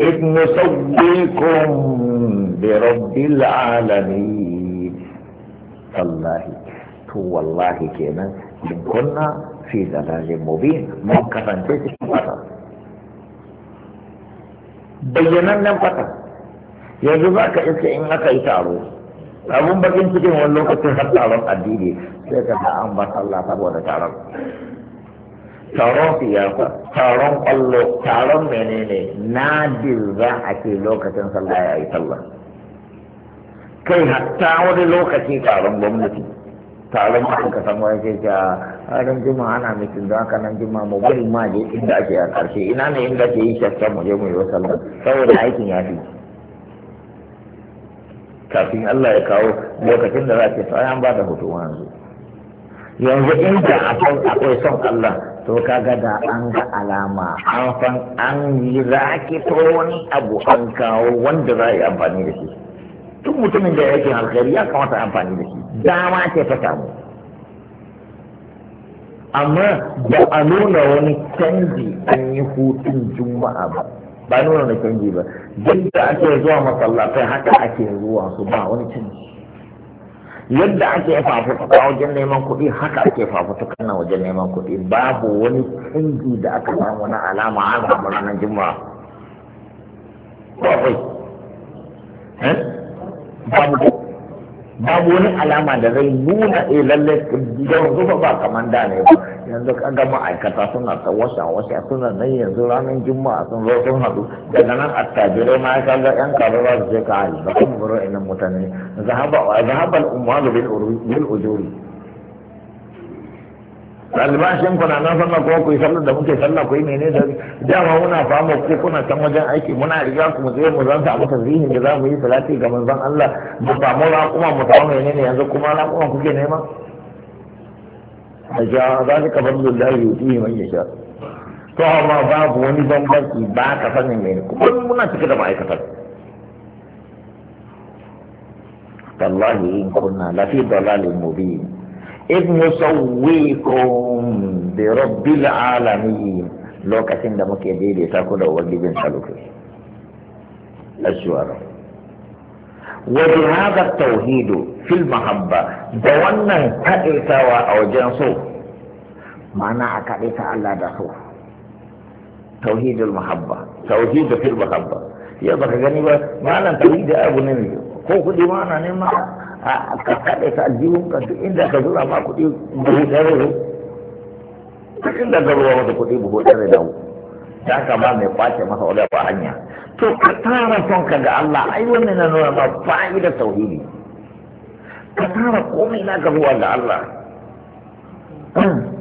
Speaker 1: إذ نسويكم برب العالمين تالله تو والله كنا إن كنا في ضلال مبين ممكن تنتهي bayyanannen fata yanzu za ka iske in aka yi taro abun bakin cikin wani lokacin har taron addini sai ka ta an ba Allah saboda taron taron siyasa taron kwallo taron menene nadir za a ce lokacin sallah ya yi sallah kai hatta wani lokaci taron gwamnati taron mutum ka samu ya kai ta ah, ranar juma ana mutum don haka nan juma mu bari ma je inda ake a karshe ina ne inda ke yi shakka mu je mu yi wa sallah saboda aikin ya fi kafin Allah ya kawo lokacin da za ke sa an ba da hoto yanzu yanzu inda akwai son Allah to kaga da an ga alama an san an yi to wani abu an kawo wanda za a yi amfani da shi duk mutumin da yake alkhairi ya kamata amfani da shi dama ce ta samu amma ba a nuna wani canji an yi hutun juma'a ba ba a nuna wani canji ba duk da ake zuwa masallatai haka ake zuwa su ba wani canji yadda ake fafutuka wajen neman kuɗi haka ake fafutuka kanna wajen neman kuɗi babu wani canji da aka samu na alama a samu ranar juma'a ba kai eh? babu babu wani alama da zai nuna e lalle gidan zuba ba kamar da ne ba yanzu ka gama aikata suna ta wasa wasa suna nan yanzu ranar juma'a sun zo sun haɗu daga nan attajirai ma ya kaga yan karo za su je ka hari ba kuma wurin mutane zahabal umaru bin ujuri albashin kuna nan sallah ko ku yi sallar da muke sallah ku yi mene da dama muna fama ku kuna can wajen aiki muna riga ku mu zai mu zan samu tazihin da za mu yi salati ga manzon Allah mu samu raƙuma mu samu menene yanzu kuma raƙuma kuke nema a ja za ka yi lullahi yi man yasha to amma babu wani bambanci ba ka sanin mene kuma muna cike da ma'aikatar tallahi in kunna lafi dalalin mubin إذ نسويكم برب العالمين لو كتن دا مكي ديلي تاكل وجبين سلوكي الشوارع
Speaker 2: وبهذا
Speaker 1: التوحيد في المحبة دوانا كأيسا أو جنسو معنى كأيسا الله دخو توحيد المحبة توحيد في المحبة يا بك جنبا معنى توحيد أبو نمي هو kudi ma ana Aa ka kaɗe ka aljihun ka duk inda ka zura ma kuɗi buhu ɗaya ne duk inda ka zura masa kuɗi buhu ɗaya da ya ka ba mai kwace masa wani ba hanya to ka tara son ka ga Allah ai wannan na nuna ma fa'idar tauhidi ka tara komai na ga Allah hmm.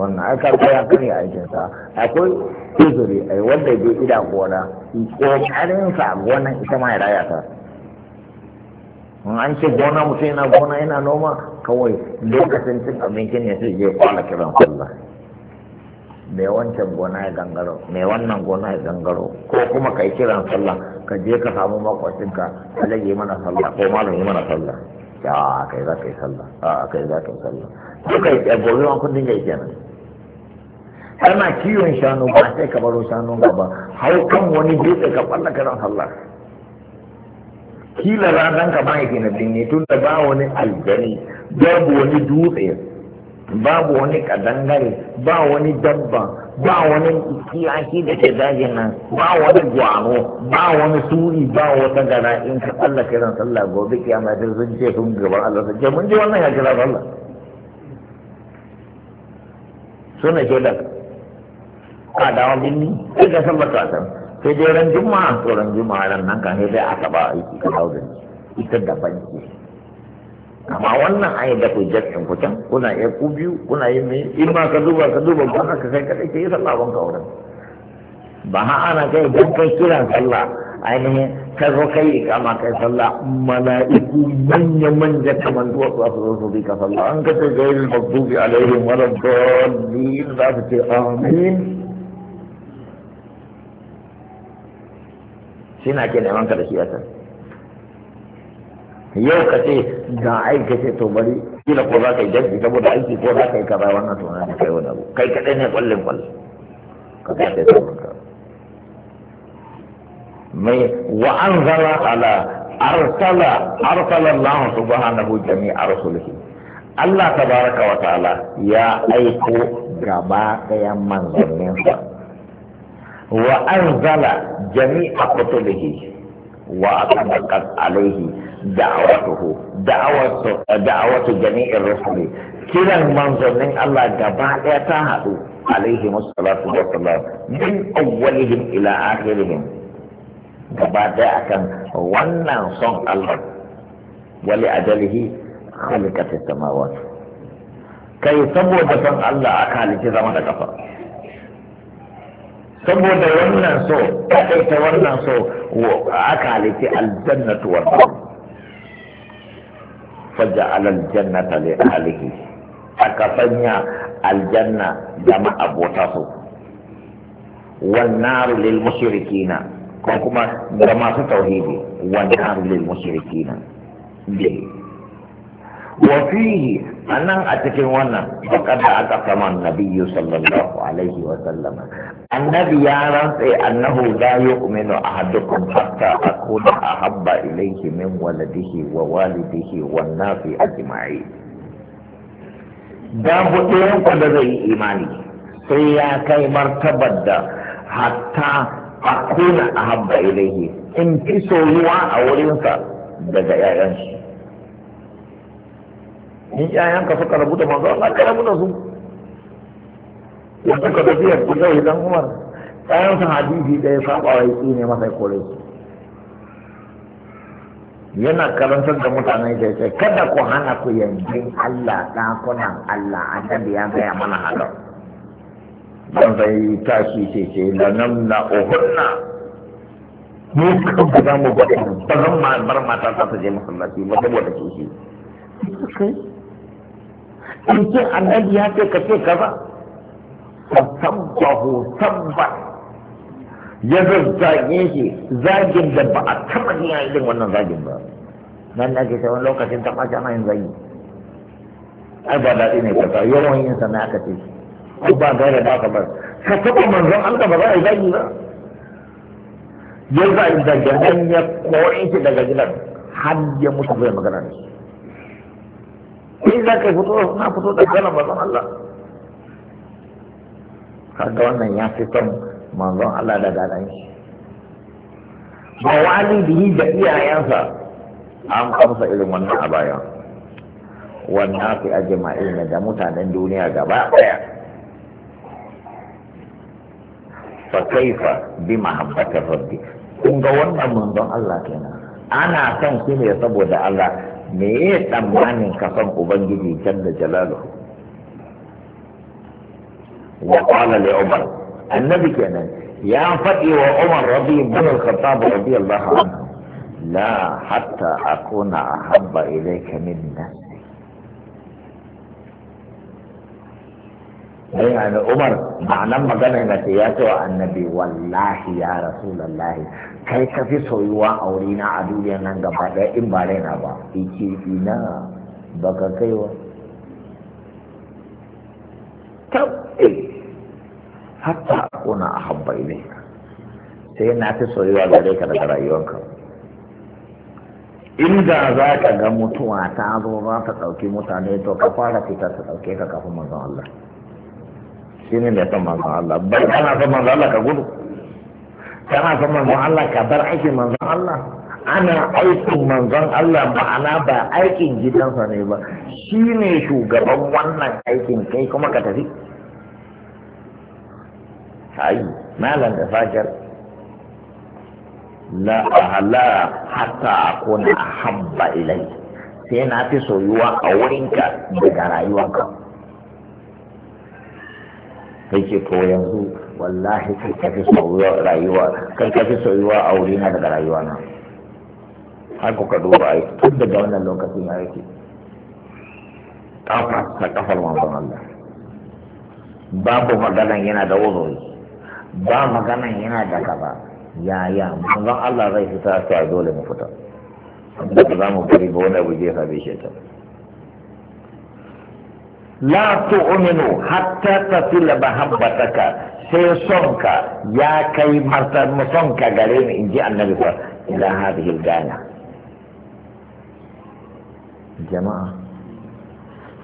Speaker 1: wannan ai kan ya aikin sa, akwai uzuri ai wanda bai ida gona sa gonan ita ma ya raya ta in an ce gona mutum yana gona yana noma kawai lokacin cin abincin ne sai je kwana kiran sallah mai wancan gona ya gangaro mai wannan gona ya gangaro ko kuma ka yi kiran sallah ka je ka samu makwacinka ka lage mana sallah ko malam yi mana sallah ya kai za ka yi sallah a kai za ka yi sallah ko ka yi gobe an kundin ya yi kenan kana kiwon shanu ba sai ka baro shanu ba har kan wani dutse ka falla karan sallah kila ranar ka ba yake na binne tun da ba wani aljani babu wani dutse babu wani kadangare ba wani dabba ba wani kiyaki da ke dajin nan ba wani gwano ba wani suri ba wata gara in ka Allah kiran sallah gobe kiyama sai sun ce sun gaban Allah sun ce mun ji wannan ya kira sallah suna ke daga a dawa binni sai ka san bata san sai dai ran juma'a to ran juma'a ran nan kan sai aka ba aiki ka dawo binni ita da banki amma wannan ayi da ku jakin ku can kuna iya ku biyu kuna yin me in ma ka duba ka duba ba ka kai ka ke sallah ban ka wurin ba ha ana kai dan kai kiran sallah ainihin ka zo kai kama kai sallah mala'iku manya manya kaman duwatsu su zo su bi ka sallah an ka ce gairin mabdubi alaihim wa rabbani za su ce amin sai na ke neman ka da shi a yau ka ce ga aiki ce to bari kila ko za ka yi jaji saboda aiki ko za ka yi kaza wannan to na kai wani abu kai kaɗai ne kwallin kwallin ka za ta yi samun ka mai wa an zala ala arsala arsala Allah subhanahu jami'a rasulihi Allah tabaraka wa ta'ala ya aiko gaba ɗayan manzanninsa wa anzala jami'a kutubihi wa aqadat alayhi da'watuhu da'watu da'watu jami'ir rasuli, kiran manzonin Allah gaba ɗaya ta hadu alaihi wa wassalam min awwalihim ila akhirihim gaba ɗaya akan wannan son Allah wali ajalihi khalaqat as-samawati kai saboda son Allah aka halice zama da kafa saboda wannan so ta wannan so aka halitta aljannatu wannan alal jannata li ahlihi aka sanya aljanna da ma'abota so Kuma للمشركين كما tauhidi تauhidi والنار للمشركين به wafihi a nan a cikin wannan da aka sama nabiyu sallallahu alaihi wa sallam annabi ya rantse annahu la yu'minu ahadukum hatta akuna ahabba ilayhi min waladihi wa walidihi wa nafi ajma'i babu ɗayan ku da zai yi imani sai ya kai martabar da hatta akuna habba ilayhi in fi soyuwa a wurinsa daga 'ya'yansu Ni yayan ka suka rabu da manzo Allah ka rabu da su yanzu ka tafiya ku zai idan Umar yayan sa hadisi da ya saba wa yi ne masa kore yana karantar da mutane da ce kada ku hana ku yanzu Allah ɗakunan Allah da ya gaya mana haka dan sai tashi ce ce da nan na uhunna mu ka ga mu ba ba ma bar mata ta je masallaci ba da kishi in ce annabi ya ce ka ce kaza fa tabbahu tabbat ya zazzage shi zagin da ba a taɓa ni irin wannan zagin ba nan na ke ta wani lokacin ta ɓaci ana yin zagi
Speaker 2: ai ba daɗi ne ka ta yawan
Speaker 1: yin sana aka ce ko ba gaira da ka bar ka taɓa manzon Allah ba za a yi zagi ba ya zagi da ganin ya koyi shi daga gidan har ya mutu zai magana da shi kai za ka fito na fito da kalan mazan Allah kaga wannan ya fi son manzon Allah da ganan shi ba wani da iyayensa an kamsa irin wannan a baya wannan fi ne da mutanen duniya gaba daya fa kaifa bi mahabbatir rabbi kun ga wannan manzon Allah kenan ana son shi ne saboda Allah me ya tsammanin ka san ubangiji can da jalalu wa qala li umar annabi kenan ya faɗi wa umar rabi ibn al-khattab radiyallahu anhu la hatta akuna ahabba ilayka min nafsi يعني عمر معنى ما جانا نتياته النبي والله يا رسول الله كي كفي سويوا أورينا عدوين أن قبضة إن بارين أبا إيكي فينا بقى كيوا تب إيه حتى أكون أحب إليك سيئ ناتي سويوا لديك لكرا يوانك إن ذاك غموتوا أتاظوا ذاك أوكي متانيتوا كفارة كتاسة أوكي كفو مزان الله shi ne mai son manzon Allah bai kana son manzon Allah ka gudu kana son manzon Allah ka bar aikin manzon Allah ana aikin manzon Allah ma'ana ba aikin gidansa ne ba shi ne shugaban wannan aikin kai kuma ka tafi ayi malam da fajar la ahla hatta akuna habba ilai sai na fi soyuwa a wurinka daga rayuwanka sai ce to yanzu wallahi kai ka fi soyuwa rayuwa kai ka fi soyuwa a wuri na daga rayuwa na har ka duba ai tun daga wannan lokacin ya yake kafa ta kafar manzon Allah babu maganan yana da wuri ba maganan yana da kaza yaya manzon Allah zai fita sai dole mu fita da za mu bari ba wani abu je ka shi ta لا تؤمنوا حتى تصل محبتك سيصنك يا كي مرتب مصنك قالين إن جاء النبي صلى إلى هذه الجانة جماعة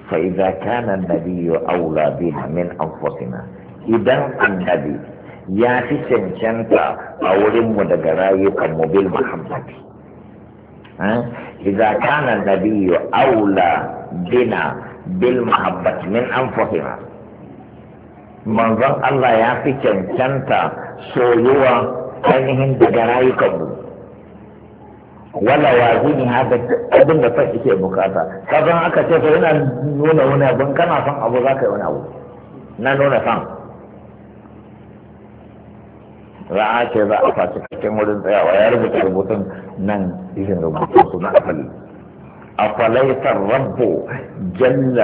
Speaker 1: فإذا كان النبي أولى بنا من أنفسنا إذا النبي يا في cancanta a wurinmu daga محمد إذا كان النبي أولى بنا bil mahabbat min anfusina manzan Allah ya fi cancanta soyuwa ainihin daga rayukanmu wala wazini haka abin da sai ke bukata kazan aka ce ko yana nuna wani abin kana son abu za ka yi wani abu na nuna son ra'a ce za a faci cikin wurin tsayawa ya rubuta rubutun nan izin rubutun su na asali أفليس الرب جل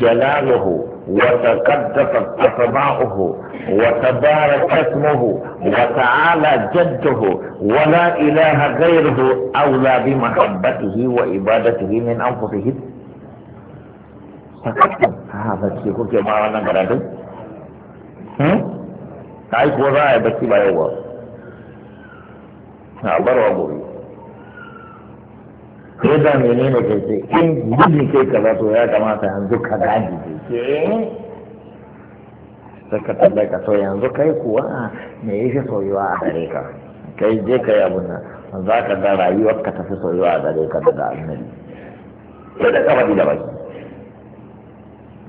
Speaker 1: جلاله وتقدست أسماؤه وتبارك اسمه وتعالى جده ولا إله غيره أولى بمحبته وعبادته من أنفسه سكتتم هذا الشيء كيف معنا قرأتم تعيش وضعي بس ما يوضع أعبر وأبوري ko da ne ke ce in ke ka za to ya kamata yanzu ka gadi ke? Eh? sai ka tambaye ka to yanzu kai kuwa me yake soyuwa a gare ka kai je ka yi abun nan za ka ga rayuwar ka tafi soyuwa a gare ka daga annabi sai da kafa da baki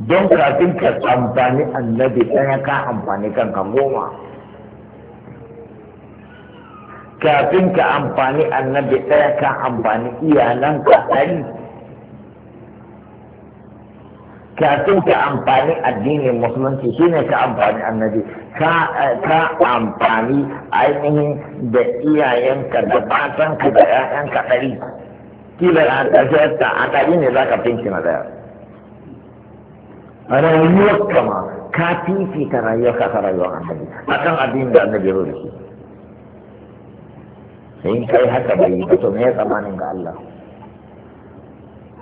Speaker 1: don kafin ka amfani annabi ɗaya ka amfani kanka goma kafin ka amfani annabi ɗaya ka amfani iyalanka ɗari kafin ka amfani addinin musulunci shine ka amfani annabi ka amfani ainihin da iyayenka da batanka da 'ya'yanka ɗari kila a ƙarshe a ɗari ne za ka finci na ɗaya rayuwar kama ka fifita rayuwar ka rayuwar annabi kan addinin da annabi ya rubuta. in kai haka bai yi to me tsamanin ga Allah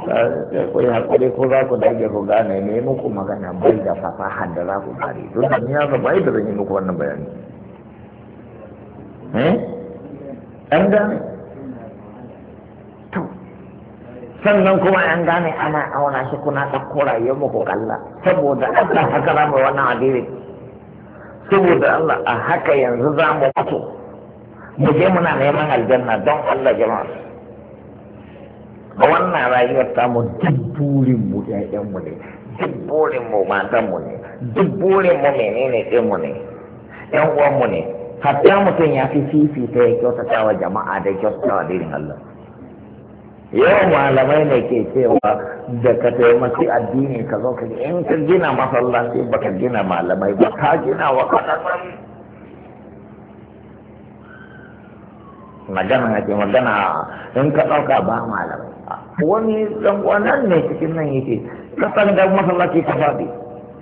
Speaker 1: sai ku yi ko za ku dage ku gane ne muku magana bai da fasaha da za ku bari don da ni ya ga bai da zan yi muku wannan bayani eh an gane to sannan kuma an gane ana auna shi kuna ɗauko rayuwar muku Allah saboda Allah haka za mu wannan adiri saboda Allah a haka yanzu za mu mutu mu je muna neman aljanna don Allah jama'a a wannan rayuwar mu duk burin mu ƴaƴan mu ne duk burin mu matan mu ne duk burin mu menene ɗin mu ne ƴan uwan mu ne hatta mutum ya fi fifi ta ya kyautata wa jama'a da kyautata wa dinin Allah yawan malamai ne ke cewa da ka taimaki addini ka zo ka in ka gina masallaci ka gina malamai ba ka gina wa kaɗan magana ce magana in ka ɗauka ba malam wani ɗan wannan ne cikin nan yake kasan da masallaci ta faɗi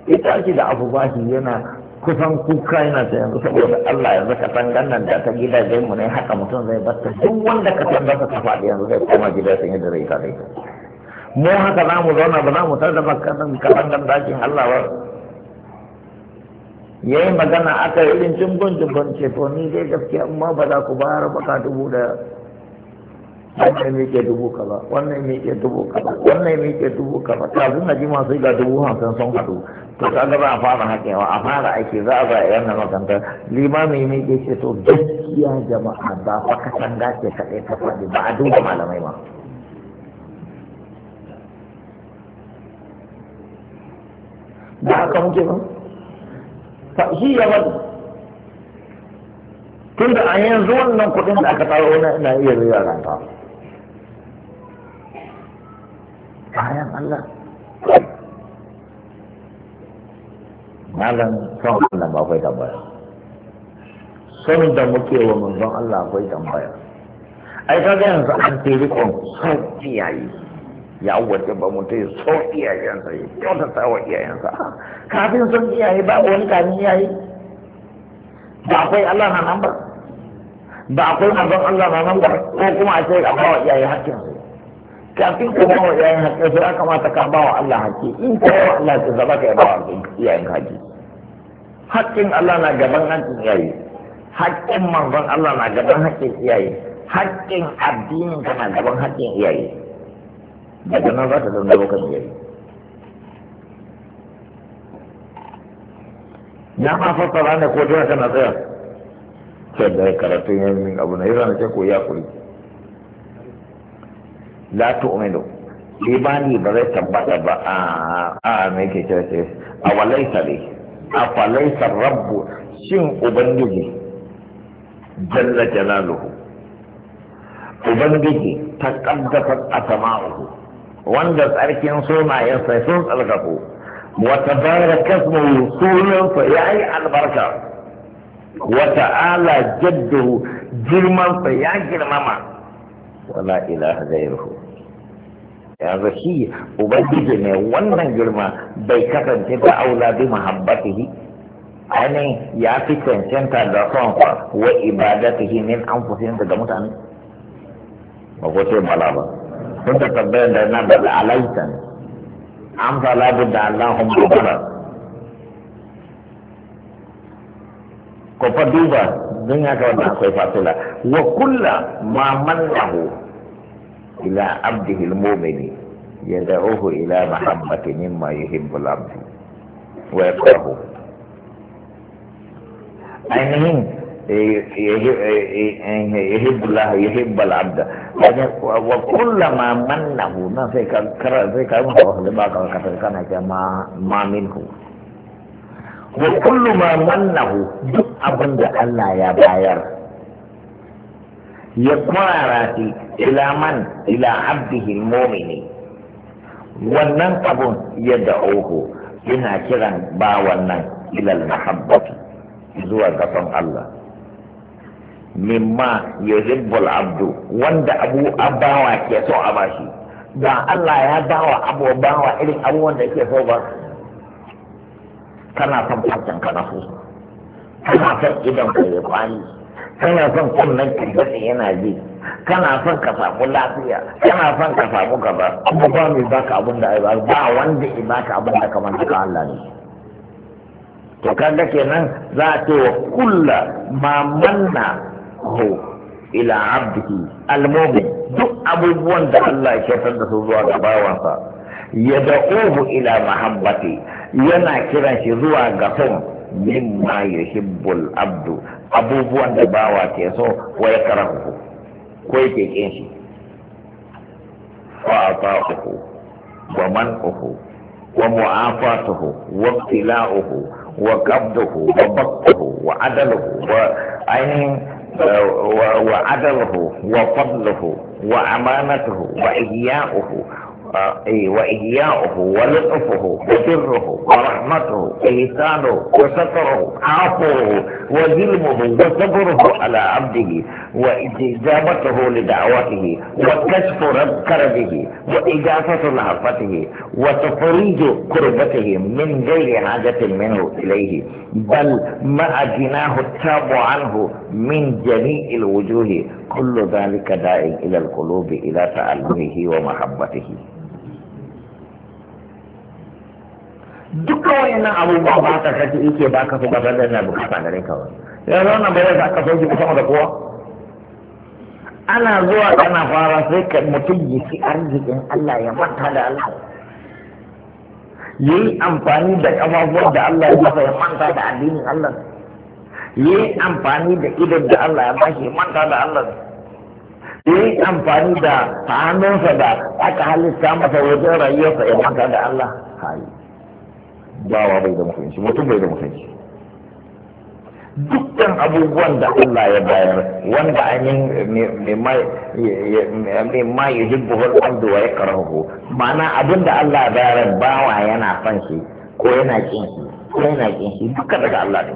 Speaker 1: ita ce da abu shi yana kusan kuka yana ta yanzu saboda Allah yanzu ka san gannan da ta gidajen mu ne haka mutum zai bata duk wanda ka san zaka ta faɗi yanzu zai koma gida sun yi da ka mu haka za mu zauna ba za mu tar da kasan kasan dakin Allah ba ya yi magana aka yi irin cimbin cimbin ce ni zai gaskiya amma ba za ku bayar baka dubu da wannan mai ke dubu ba wannan mai ke dubu ba wannan mai ke dubu ba kafin na ji masu ga dubu hamsin sun haɗu to ka ga za a fara haƙewa a fara aiki za a za a yana makanta Limamin mai ke ce to gaskiya jama'a ba fa katanga ce ɗaya ta faɗi ba a duba malamai ma. ba haka muke ba? shi ya bari tunda a yanzu wannan kuɗin da aka tsaro na ina iya zuwa ranta bayan Allah malam son Allah ba akwai tambaya son da muke wa manzon Allah akwai tambaya ai kaga yanzu an ce rikon sauki yayi ya wace ba mutum so iyayensa ya kyautata wa iyayensa kafin sun iyaye ba wani kafin iyaye ba akwai Allah na nan ba ba akwai manzon Allah na nan ba ko kuma a ce ka ba wa iyaye hakkin su kafin ka ba wa iyayen hakkin sai aka kamata ka ba wa Allah hakki in ka ba Allah ka zaba ka ba wa iyayen hakki hakkin Allah na gaban hakkin iyaye hakkin manzon Allah na gaban hakkin iyaye hakkin addinin ka na gaban hakkin iyaye daga nan za ta zama lokacin yayi na ma fassara ne ko jira kana tsaya sai da karatu min abu na yira na ce ko ya kuri la tu'minu imani ba zai tabbata ba a a mai ke kira ce a walai ne a falai sarrabu shin ubangiji jalla jalaluhu ubangiji ta a asma'uhu wanda tsarkin sai sun tsarkaku wata bayar kasmu sa ya yi albarka wata ala jaddu sa ya girmama wala ilaha gairuhu yanzu shi ubangiji ne wannan girma bai kasance da auladi bi muhabbatihi Ani ya fi cancanta da son wa ibadatihi min anfusihim daga mutane ba ko ce bala ba tun da tabbayar da na bada alaita ne an fala da Allahun bukara ko fa duba don ya ga wannan akwai fatula wa kulla ma mannahu ila abdihi al yad'uhu ila mahabbati mimma yuhibbu al-abd wa yakrahu
Speaker 2: ainihin
Speaker 1: يحب الله يحب العبد وكلما منه ما في كرر في كلام الله لباك وكفر كان ما ما منه وكلما منه دك أبن الله يا باير يقاراتي إلى من إلى عبده المؤمن wannan abun ya da'uhu yana kiran bawan nan ilal mahabbati zuwa gaban Allah mimma yuhibbul abdu wanda abu abawa ke so a bashi da Allah ya bawa abu bawa irin abu da yake so ba kana son fatan ka nafu kana son idan ka yi kwani kana son kunnan ka gasa yana ji kana son ka samu lafiya kana son ka samu gaba kuma ba mai baka abun da ai ba ba wanda ya baka abun da kamar ka Allah ne to kaga kenan za a ce wa kulla ma manna هو ila abdihi almu'min duk abubuwan da Allah ya kyautar da su zuwa ga bawansa ya da'uhu ila mahabbati yana kiran shi zuwa ga son mimma yuhibbul abdu abubuwan da bawa ke so wa ya karahu ko yake kin shi fa wa man'uhu wa mu'afatuhu wa ibtila'uhu wa qabduhu wa baqtuhu wa adaluhu wa ainihin وعدله وفضله وأمانته وإحياؤه آه، إيه، وإحياؤه ولطفه وبره ورحمته ولسانه وستره عفوه وظلمه وصبره على عبده واستجابته لدعوته وكشف كربه وإجافة لحظته وتفريج كربته من غير حاجة منه إليه بل ما أجناه التاب عنه من جميع الوجوه كل ذلك داعي إلى القلوب إلى تعلمه ومحبته duka wayannan abubuwa ba ka kashi yake ba ka kuma ba zai na bukata gare ka wani ya zo na bayar da ka sauki ki sama da kowa ana zuwa kana fara sai ka mutum ya ci arzikin Allah ya manta da Allah yi amfani da kafafuwan da Allah ya masa ya manta da addinin Allah yi amfani da idan da Allah ya bashi ya manta da Allah yi amfani da hannunsa da aka halitta masa wajen rayuwarsa ya manta da Allah hayi bawa bai da mutunci mutum bai da mutunci dukkan abubuwan da Allah ya bayar wanda mai mimma yi jibbu hulɓar da wa ya karahu ma'ana abin da Allah ya bayar bawa yana son shi ko yana kin shi ko yana kin shi duka daga Allah ne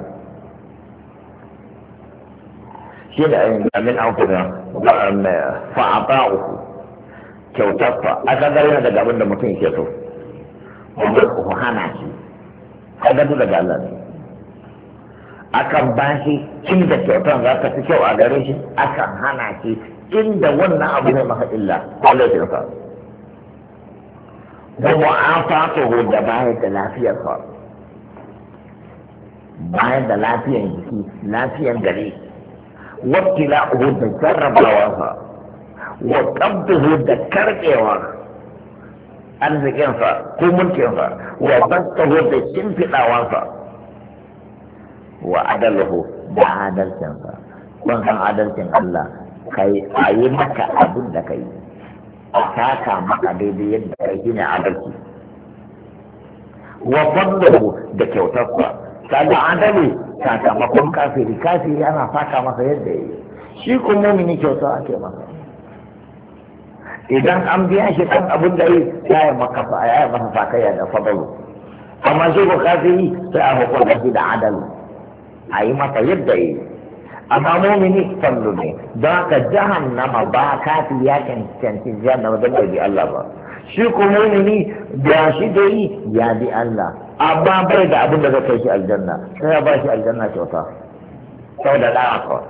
Speaker 1: shi da amin aukuda fa'aɓa uku kyautar fa a zarina daga abin da mutum ya ke so wanda ku hana shi kaga duk daga Allah ne akan bashi inda kyautan za ta fi kyau a gare shi akan hana shi inda wannan abu ne maka illa ko fa da mu'afatuhu da bayan da lafiyarsa bayan da lafiyar jiki lafiyar gari wattila da jarrabawarsa wa qabduhu da karbewa arzikinsa ko mulkinsa wa bastahu da shimfiɗawansa wa adalahu da adalcinsa kun san adalcin Allah kai a yi maka abin da kai a saka maka daidai yadda kai shi ne adalci wa fadlahu da kyautarsa kaga adali sakamakon kafiri kafiri ana saka masa yadda ya yi shi kuma mini kyauta ake masa idan an biya shi kan abin da ya yi maka ya yi maka fakaya da fadalu amma shi ko yi sai a hukunta shi da adal. a yi mata yadda yi amma mumini fallu ne don haka jahannama ba kafi ya cancanci jahannama don bai bi Allah ba shi ko mumini da shi da yi ya bi Allah amma bai da abin da zai kai shi aljanna sai ya ba shi aljanna kyauta sau da ɗaya kawai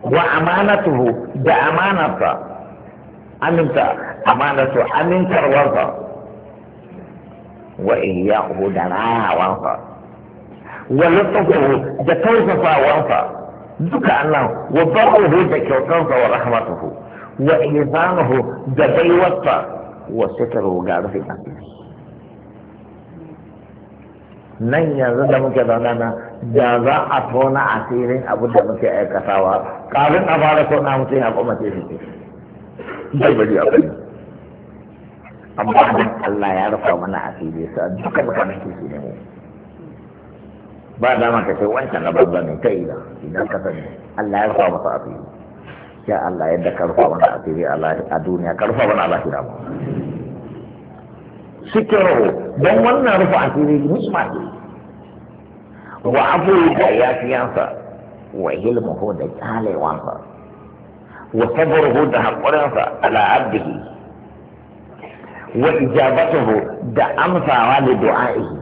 Speaker 1: wa amanatuhu da amanarsa aminta amintar amintarwarsa wa ya da rayawansa wa lutfuhu da tausasawansa duka Allah wa barruhu da kyautarsa wa rahmatuhu wa ihsanuhu da baiwarsa wa sitaru ga rufe nan yanzu da muke zauna na da za a tona asirin abin da muke aikatawa kafin a fara tona mutum ya kuma ce zai bari a bari amma Allah ya rufa mana asiri sa duka da kana ke ne mu ba dama ka ce wancan na banza ne ta ina idan ka sani Allah ya rufa masa asiri ya Allah yadda ka rufa mana asiri a duniya ka rufa mana alahira mu sikiro don wannan rufa asiri ni'ima ce wa abu da yafiyansa wa hilmuhu da kyalewansa wa sabruhu da haƙurinsa ala abdihi wa ijabatuhu da amsa amsawa da du'a'ihi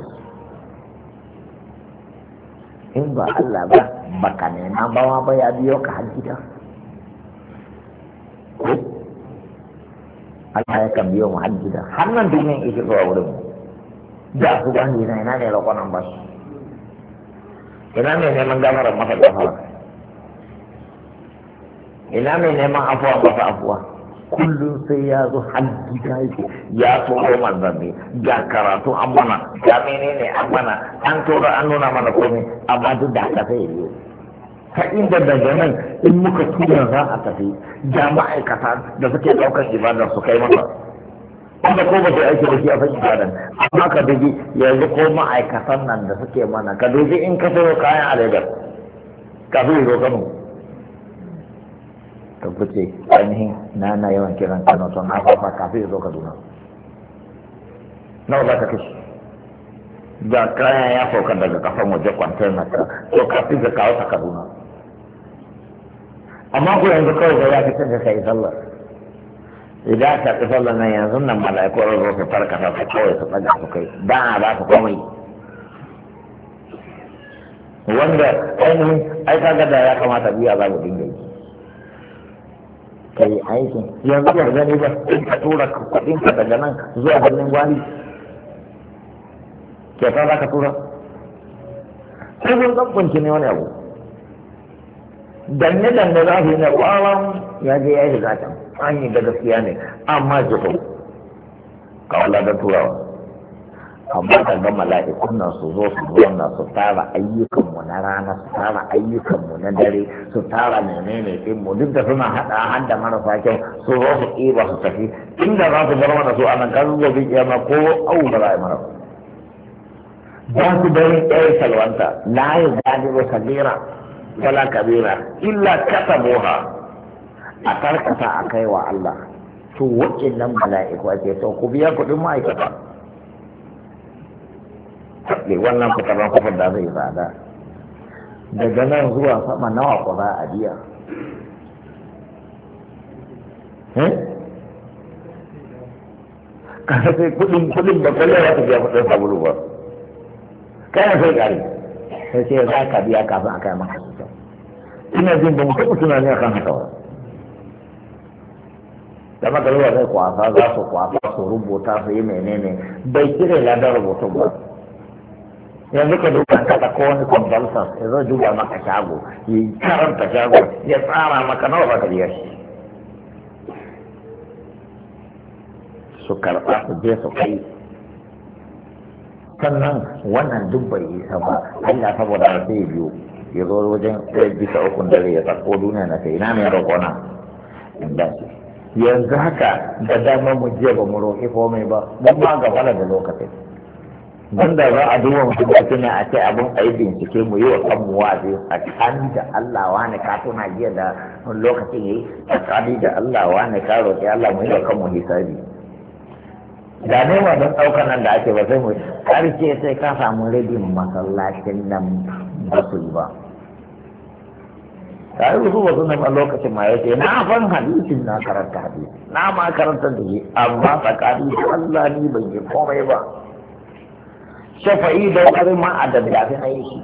Speaker 1: in ba Allah ba baka nema bawa ba ya biyo ka har Allah ya kan biyo mu har gida har nan duniyan yake zuwa wurin mu da su ba ni na ina ne roƙon an ba ina ne neman gafarar masa gafara ina mai neman afuwa ba ta afuwa kullum sai ya zo har ta yake ya tsoro manzanni ga karatu an mana ga menene an mana an tsoro an nuna mana komai amma duk da haka sai yi ta inda daga nan in muka tura za a tafi da ma'aikata da suke ɗaukar ibada su kai masa
Speaker 2: wanda ko ba su aiki da shi a san ibadan amma ka
Speaker 1: dubi yanzu ko ma'aikatan nan da suke mana ka dubi in ka sayo kayan alaidar kafin zo kano ka kuce ainihin na na yawan kiran kano to na fafa kafin ya zo kaduna nawa za ka kashi da kaya ya sauka daga kafan waje kwantar ka to kafin ka kawo ta kaduna amma ko yanzu kawai da ya fi ka kai sallar idan ka fi sallar nan yanzu nan mala'iku ran zo su farka ta kawai su tsaga su kai ba a ba su komai wanda ainihin ai kaga da ya kamata biya za mu dinga ka yi aikin yanzu ya gani ba in ka tura kuɗin ka daga nan zuwa birnin gwari ke fara ka tura sai kun tsabbanci ne wani abu danne danne za su yi na kwaron ya je ya yi zaton an yi da gaskiya ne amma ka wala da turawa amma daga mala'ikun nan su zo su na su tara ayyukanmu na rana su tara ayyukanmu na dare su tara menene din mu duk da suna hada har da marasa kyau su zo su ɗiba su tafi inda za su bar mana su a nan kan gobe kiyama ko au ba za a yi mana ba su bari ɗaya salwanta la yi ba kabira wala kabira illa katabuha a karkata a kai wa Allah to wa'in nan mala'iku ake so ku biya kuɗin ma'aikata taɓe wannan fitarren kofar da zai tsada daga nan zuwa sama nawa ku za a biya eh? kasa sai kudin kudin ba kwallon za ta biya kudin sabulu ba kayan sai gari sai sai za ka biya kafin a kai maka su kyau ina jin ba mu taɓa tunani a kan haka ba da maka zuwa zai kwasa za su kwasa su rubuta su yi menene bai kire ladar rubutun ba yanzu ka duba ka da kowane kwamfansa ya zo duba maka shago ya karanta shago ya tsara maka nawa ba ka biya shi su karɓa su je su kai sannan wannan duk bai yi sama Allah saboda sai biyu ya zo wajen ɗaya bisa ukun dare ya tsakko duniya na kai na mai roƙona in ba yanzu haka da dama mu je ba mu roƙi komai ba mun ma gaba da lokacin banda za a duba mutum a ce abin a yi bincike mu yi wa kanmu wazi a tsakani da Allah wani ka tuna jiya da lokacin yi tsakani da Allah wani ka roƙi Allah mu yi wa kanmu hisabi
Speaker 2: da ne don ɗaukar nan da ake
Speaker 1: ba sai mu ƙarshe sai ka samu rabin masallacin nan ba su yi ba tare da su ba sunan a lokacin ma yake na fan hadisin na karanta hadisi na ma karanta da shi amma tsakani da Allah ni ban yi komai ba shafa'i da wani ma a daddafi aiki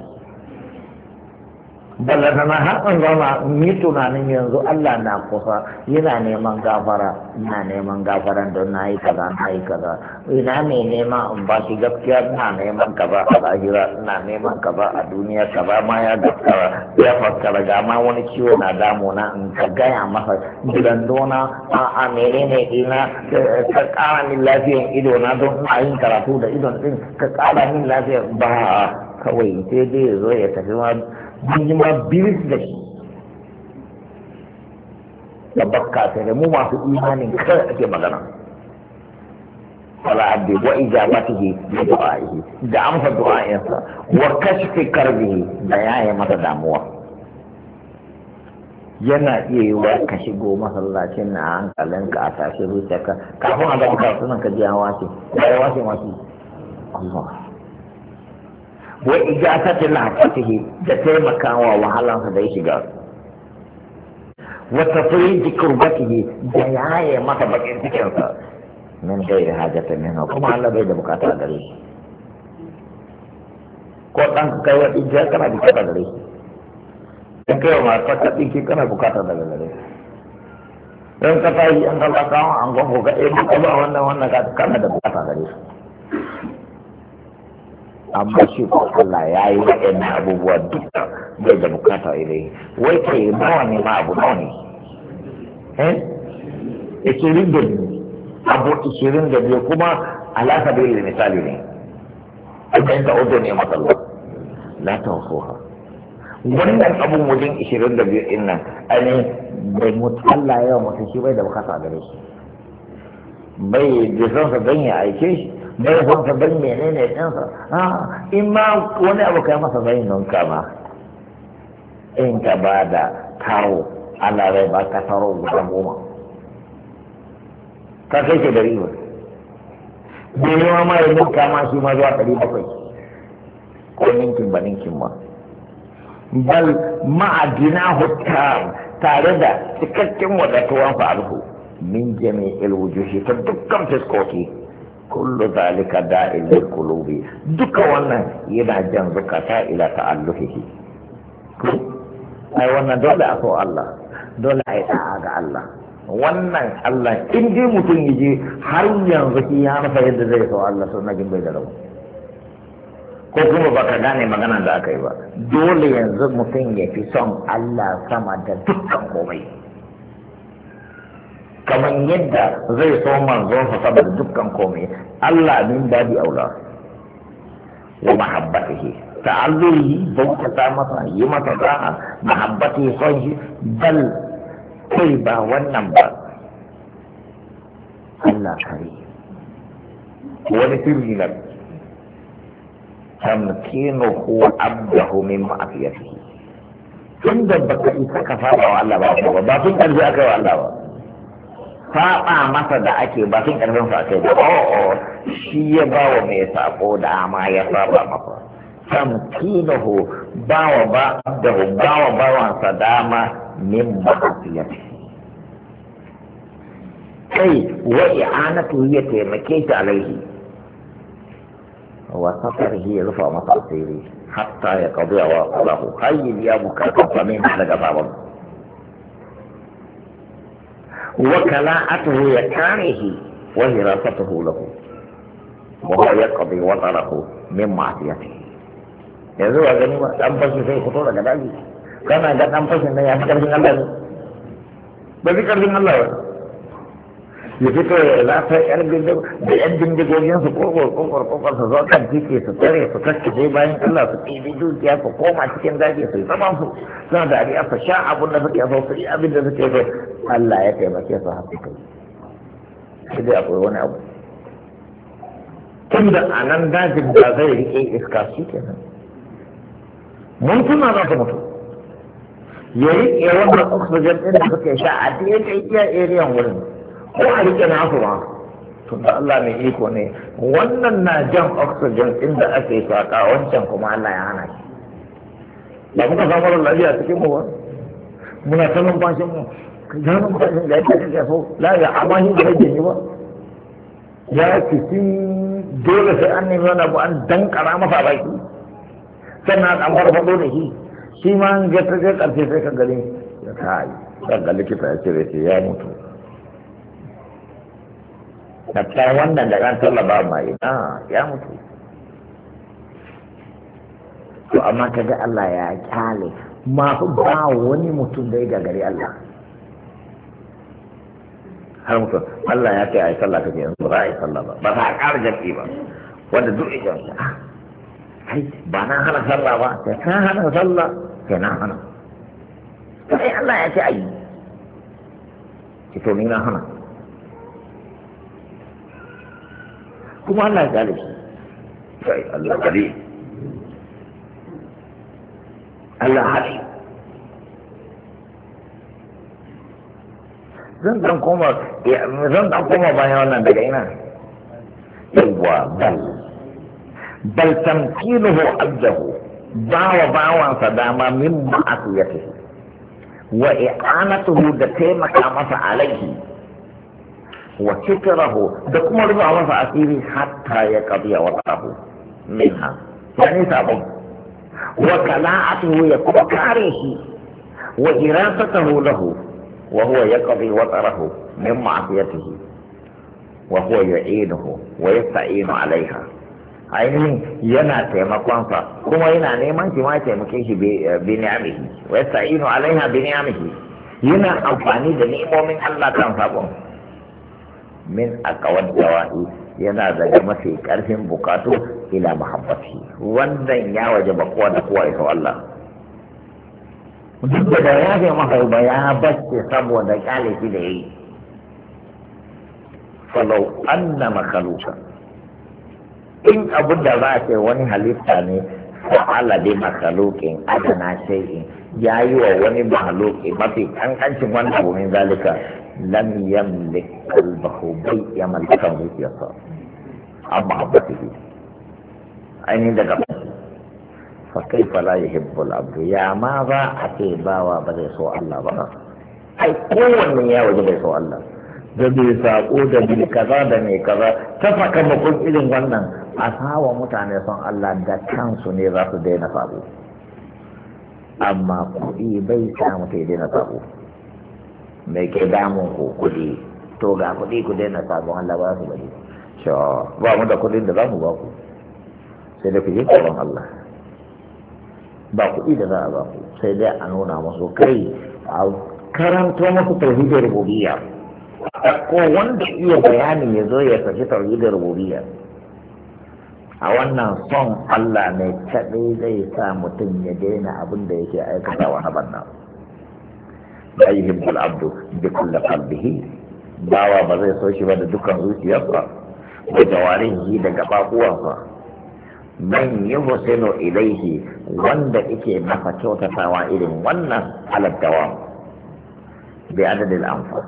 Speaker 1: ballata na haɗin zauna ni tunanin yanzu Allah na kusa yana neman gafara ina neman gafara don na yi kaza na yi kaza ina mai neman in ba shi gaskiya ina neman kaza a lahira ina neman kaza a duniya kaba ma ya gaskara ya faskara ga ma wani ciwo na damuna in ka gaya masa gidan dona a a menene ina ka ƙara min lafiyan ido na don ina yin karatu da idon ɗin ka ƙara min lafiyan ba kawai sai dai ya zo ya tafi ma mun yi ma da shi da bakka ta da mu masu imanin kai ake magana fala abdi wa ijabatihi bi du'a'ihi da amsa du'a'insa wa kashfi karbihi da yaye masa damuwa yana iya yi wa ka shigo masallacin na hankalinka a tashi zuciyarka kafin a gaba kasuwan ka ji hawa ce ya yi wace masu Allah wa ijatati lahafatihi da taimakawa wahalansa da ya shiga wa tafriji kurbatihi da yaye masa bakin cikinsa min gairi hajata minhu kuma Allah bai da bukata gare shi ko dan kai wa ijiya kana bukata gare shi dan kai wa mata ka dinki kana bukata daga gare shi dan ka tayi an Allah kawo an gongo ga eh ba wannan wannan kana da bukata gare shi amma shi ko Allah ya yi waɗannan abubuwa duka bai da bukata ilai wai ke nawa ne ma abu nawa ne eh ishirin da biyu abu ishirin da biyu kuma alaka bai da misali ne idan ka odo ne matsala la ta ha. wannan abun wajen ishirin da biyu ɗin nan ainihin bai mutu Allah yawa mutu shi bai da bukata a gare shi bai jisansa don ya aike shi bai kwansa ban menene ɗinsa ah, in ma wani abu kai masa bai nunka ma in ka ba da taro Allah bai ba ka taro guda goma ka kai ke da ba. ne ma ya nunka ma shi ma zuwa ɗari bakwai ko ninkin ba ninkin ma bal ma'adina hutar tare da cikakken wadatuwan fa'arhu min jami'il wujuhi ta dukkan fiskoki kullu zalika da'il lil qulubi duka wannan yana jan zukata ila ta'alluhihi ai wannan dole a so Allah dole ai da'a ga Allah wannan Allah in dai mutum yaje har yanzu shi ya rasa yadda zai so Allah so najin bai da rawa ko kuma ba ka gane magana da aka yi ba dole yanzu mutum ya fi son Allah sama da dukkan komai kamar yadda zai so manzonsa saboda dukkan komai Allah min babi aula wa mahabbatihi ta'alluhi ta masa yi masa da'a mahabbati son shi bal kai ba wannan ba Allah kare wani sirri na tamkinuhu abdahu min ma'afiyatihi tunda baka isa ka fara wa Allah ba ba sun karbi aka wa Allah ba saba masa da ake ba sun karfin sa ake ba o'o oh, oh, shi ya ba wa mai sako da ama ya saba masa tamkinahu ba wa ba da ba wa bawansa dama min ma'asiyati kai wa i'anatu ya taimake shi alaihi wa safarhi ya rufa masa asiri hatta ya qadiya wa qalahu hayy ya bukata fa min daga babansa وكلاءته يكرهه وهراسته له وهو يقضي وطره من معصيته yanzu a gani ba dan fashi sai fito daga daji kana ga dan fashin nan ya fi karfin Allah ne ba zai karfin Allah ba ya fito ya lafa yar bindigo da yan bindigogin su kokor kokor kokor su zo kan tike su tare su kakkace bayan Allah su ɗibi dukiya su koma cikin daji su yi zaman su suna da su sha abin Allah ya taimake su haka kai shi dai akwai wani abu tun da a nan dajin da zai rike iska shi kenan mun tuna za ta mutu ya rike wannan oxygen ɗin da suke sha a daidai iya area wurin ko a rike na su ba tunda Allah mai iko ne wannan na jan oxygen inda ake saka wancan kuma Allah ya hana shi ba muka samu lafiya cikin mu ba muna ta numfashin mu girman mutum da yake kake so la ya amahin da yake yi ba ya kici dole sai an nemi wani abu an dankara masa baki sannan an farfado da shi shi ma an ga ta je karfe sai ka gani ya kai sai ga likita ya ce sai ya mutu hatta wannan da kan tallaba ma ina ya mutu to amma kaga Allah ya kyale ma ba wani mutum da ya gagari Allah har mutum Allah ya ce a yi sallah kake yanzu ba za a yi sallah ba ba za a ƙara jarki ba wanda duk ya ce ai ba na hana sallah ba sai ka hana sallah sai na hana sai Allah ya ce a yi ki to ni na hana kuma Allah ya galibi sai Allah galibi Allah halibi zan dan koma eh, zan dan koma bayan wannan daga ina yawa bal bal tamkinuhu abdahu bawa bawansa dama min ma'asiyati wa i'anatuhu da taimaka masa alaihi wa kitrahu da kuma rufa masa asiri hatta ya qadiya wa tabu minha yani sabon wa kala'atuhu ya kuma kare shi wa irasatahu lahu وهو يقضي وطره من معصيته وهو يعينه ويستعين عليها ainihin yana taimakonsa kuma yana neman shi ma ya taimake shi bi ni'amihi wa yasta'inu alaiha bi ni'amihi yana amfani da ni'imomin Allah kan sabon min aqwad dawa'i yana daga mafi karfin bukatu ila mahabbati wannan ya waje bakwa da kowa ya Allah duk da ya fi masa ya bacce saboda kyalifi da ya yi falau an na makaluka in abin da za ce wani halitta ne fa'ala bi makalukin adana shay'in ya yi wa wani mahaluki mafi kankancin wani abu min zalika lam yamlik qalbahu bai ya mallakan zuciyarsa amma habbatihi ainihin daga fa kaifa la yuhibbul abdu ya ma ba a ce bawa ba zai so Allah ba ai kowanne ya waje bai so Allah da bai sako da bi kaza da mai kaza ta saka bakon irin wannan a sawa mutane son Allah da kansu ne za su daina sabo amma kuɗi bai sa mutum ya daina sabo Me ke damun ku kuɗi to ga kuɗi ku daina sabon Allah ba su bari ba mu da kuɗin da za mu ba ku sai da ku yi tsoron Allah ba kuɗi da za a ba ku sai dai a nuna masu kai a karanto masu tauhidin rububiyya ko wanda iya bayani ya zo ya saki tauhidin rububiyya a wannan son Allah ne kaɗai zai sa mutum ya daina abin da yake aikata wa banna da yi himbul abdu da kulla kalbihi bawa ba zai so shi ba da dukkan zuciyarsa da yi daga ba. من يحسن إليه وندئك إكي مفتوة فوائد ونن على الدوام بعدد الأنفاس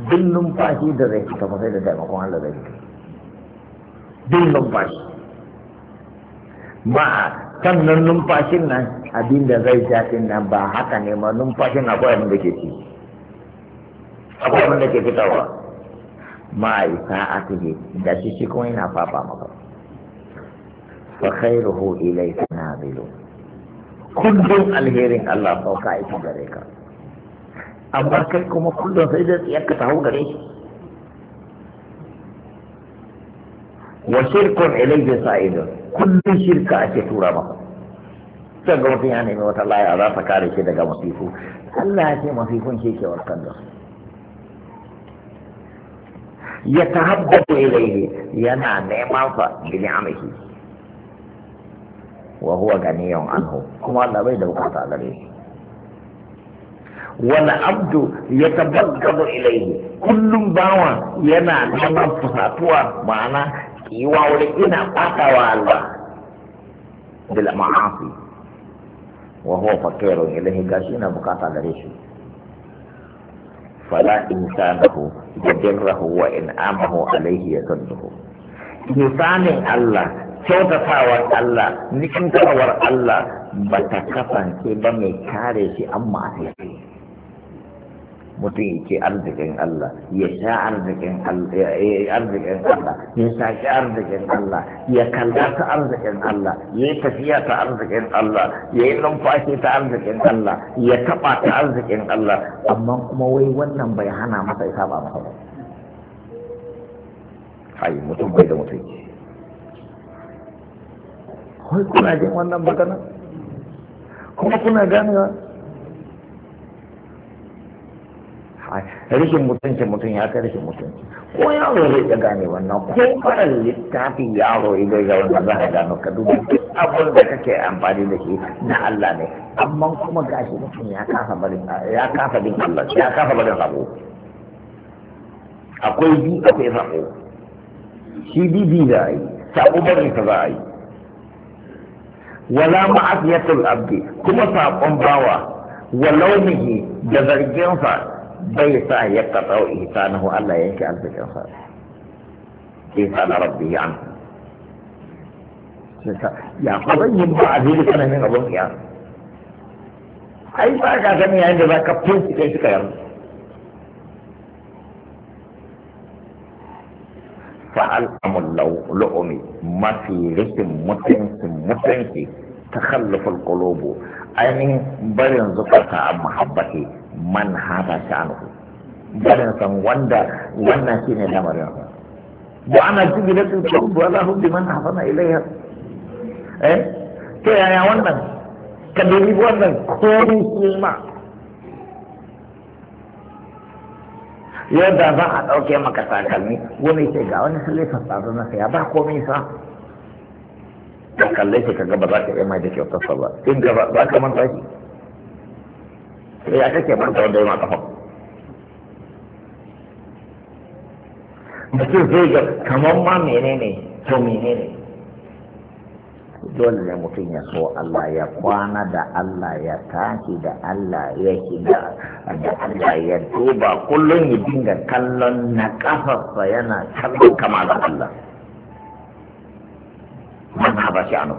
Speaker 1: duk numfashi da zai fita da taimakon Allah zai fita duk numfashi ba numfashin nan abin zai shafin nan ba haka ne ma numfashin akwai abin da ke ci akwai da ke fitarwa ma'aika a da shi shi kuma yana fafa فخيره إليه نازل كل الهيرين الله فوق عيش جريكا أبركتكم كل سيدت يكتعوا جريش وشرك إليه صائد كل شرك أشتوا رمى تقوتي يعني موت الله أعضاء فكاري شدك مصيفو الله أشي مصيفون شيء شوالكندر يتحدث إليه ينعى نعمه بنعمه wa huwa ganiyun anhu kuma Allah bai da bukata gare shi wani abdu ya tabbatabu ilaihi kullum bawa yana neman fusatuwa ma'ana kiwa wuri ina kwatawa Allah bil ma'asi wa huwa fakirun ilaihi gashi yana bukata gare shi fala insanahu da birrahu wa in'amahu alaihi ya sanduhu misalin Allah kyautatawar Allah nikintarwar Allah ba ta kasance ba mai kare shi an ma'aikata. mutum ya ke arzikin Allah ya sha arzikin Allah ya saki arzikin Allah ya kalla ta arzikin Allah ya yi tafiya ta arzikin Allah ya yi numfashi ta arzikin Allah ya taɓa ta arzikin Allah amma kuma wai wannan bai hana masa ya saba masa ba. Hai mutum bai da mutunci. kai kuna jin wannan magana kuma kuna ganewa rikin mutunci mutum ya kai rikin mutunci ko yaro zai iya gane wannan ko farar littafi yaro ido ya wanda za a gano ka duk abin da kake amfani da shi na Allah ne amma kuma gashi mutum ya kasa barin ya kasa bin Allah ya kasa barin sabo akwai bi akwai sabo shi bi bi za a yi sabo barin sa za a yi wala ma'afiyatul abdi kuma saƙon bawa walau mihi da zarginsa bai sa ya katsau ihsanahu Allah yanke arzikinsa na rabbi an ya fa zan yi ba a zai sananin abun ya ai ba ka sani yayin da za ka fi kai suka yarda ta al'amun la'umi mafi rikin mutunci mutunci ta kallafin kolobo ainihin barin zukarta a mahabbati man hata ta wannan shi ne lamarin sa ba ana jibi da tsinci ba za su biman hafa na ilayya eh ta yaya wannan ka dubi wannan komi shi ma yau da za a ɗauke maka takalmi wani ce ga wani silifan tsaro na saya ba komai sa ka kalle shi ka gaba za ka yi mai da tasa ba in gaba za ka manta shi sai ya kake manta wanda ya ma kafa mutum zai ga kamar ma menene to menene dole ne mutum ya so Allah ya kwana da Allah ya tashi da Allah ya shiga da Allah ya duba kullum ya dinga kallon na kafarsa yana kallon kama da Allah man haɓa shi anu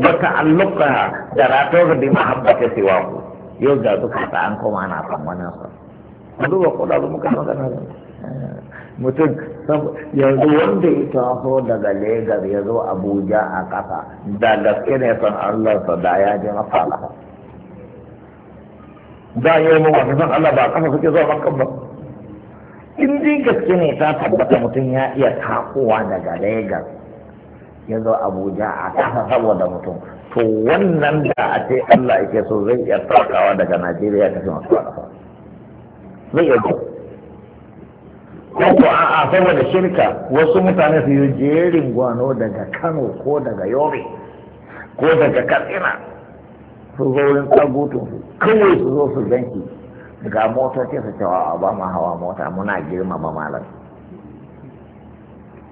Speaker 1: wata alluka da ratar da mahabbata siwaku yau ga duka ta an koma ana san wani sa duba ko muka magana mutum yanzu wanda ya taso daga Legas ya zo Abuja a ƙasa da gaske ne san Allah sa da ya ji masala da yi mu wani san Allah ba kasa suke zuwa makka ba in dai gaske ne ta tabbata mutum ya iya takowa daga Legas ya zo Abuja a ƙasa saboda mutum to wannan da a ce Allah yake so zai iya takawa daga Najeriya ta fi masu ƙasa zai iya ko a'a saboda shirka wasu mutane su yi jerin gwano daga kano ko daga yobe ko daga katsina su zo wurin tsagutun su kawai su zo su zanki ga motoci su cewa a ba mu hawa mota muna girmama malam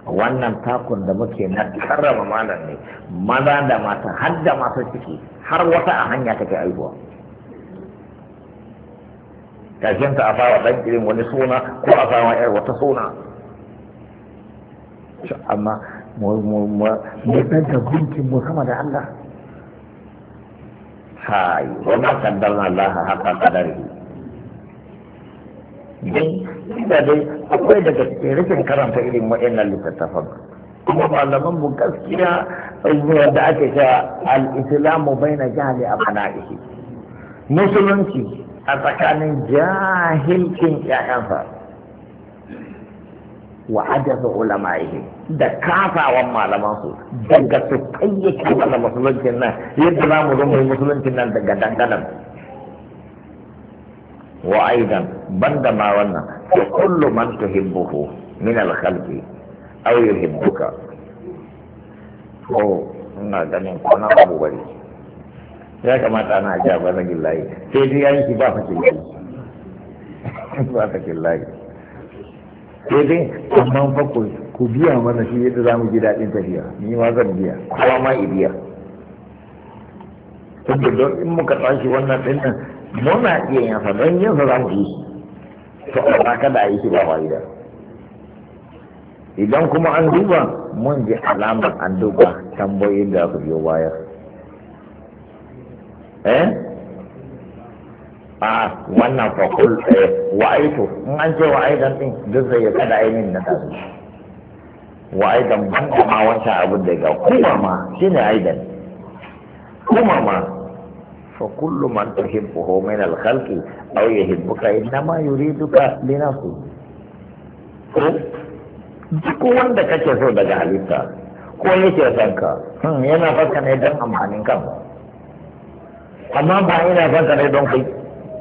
Speaker 1: wannan takun da muke na karrama malam ne maza da mata har da masu ciki har wata a hanya take aihuwa. ƙarshen ta a fara ɗan irin wani suna ko a fara yar wata suna amma mu ɗan da gunkin mu sama da Allah hai wannan kaddar na Allah haka kadari dai da dai akwai daga cikin rikin karanta irin wa'annan littattafan kuma malaman mu gaskiya da ake cewa al-islamu baina jahli abana'ihi musulunci a tsakanin jahilcin ‘ya'yansa wa ulama ulama'ihi da kasawan malamansu daga su kayyace mana musuluncin nan yadda za mu zama musuluncin nan daga dangalan wa aidan banda ma wannan fa kullu man tuhibbuhu min al-khalqi aw yuhibbuka ko oh, ina ganin ko na abu ya kamata ana ajiya ba na layi sai dai ya yi shi ba fakin layi ba fakin layi sai dai amma fa ku biya mana shi yadda za mu ji daɗin tafiya ni ma zan biya kowa ma i biya tunda don in muka tashi wannan ɗin nan muna iya yin sa don yin sa za mu yi to amma kada a yi shi ba fa'ida idan kuma an duba mun ji alamar an duba tambayin da aka biyo bayar eh a ah, wannan fakul eh, wa'aitu in an ce wa'aidan din duk zai ya kada ainihin na Wa wa'aidan ban da ma wancan abin da ga kuma ma shine aidan kuma ma فكل من تحبه من الخلق أو يحبك إنما يريدك لنفسه duk wanda kake so daga halitta ko yake son ka hmm, yana fasa ka ne don amfanin kanka amma ba na son ka ne don kai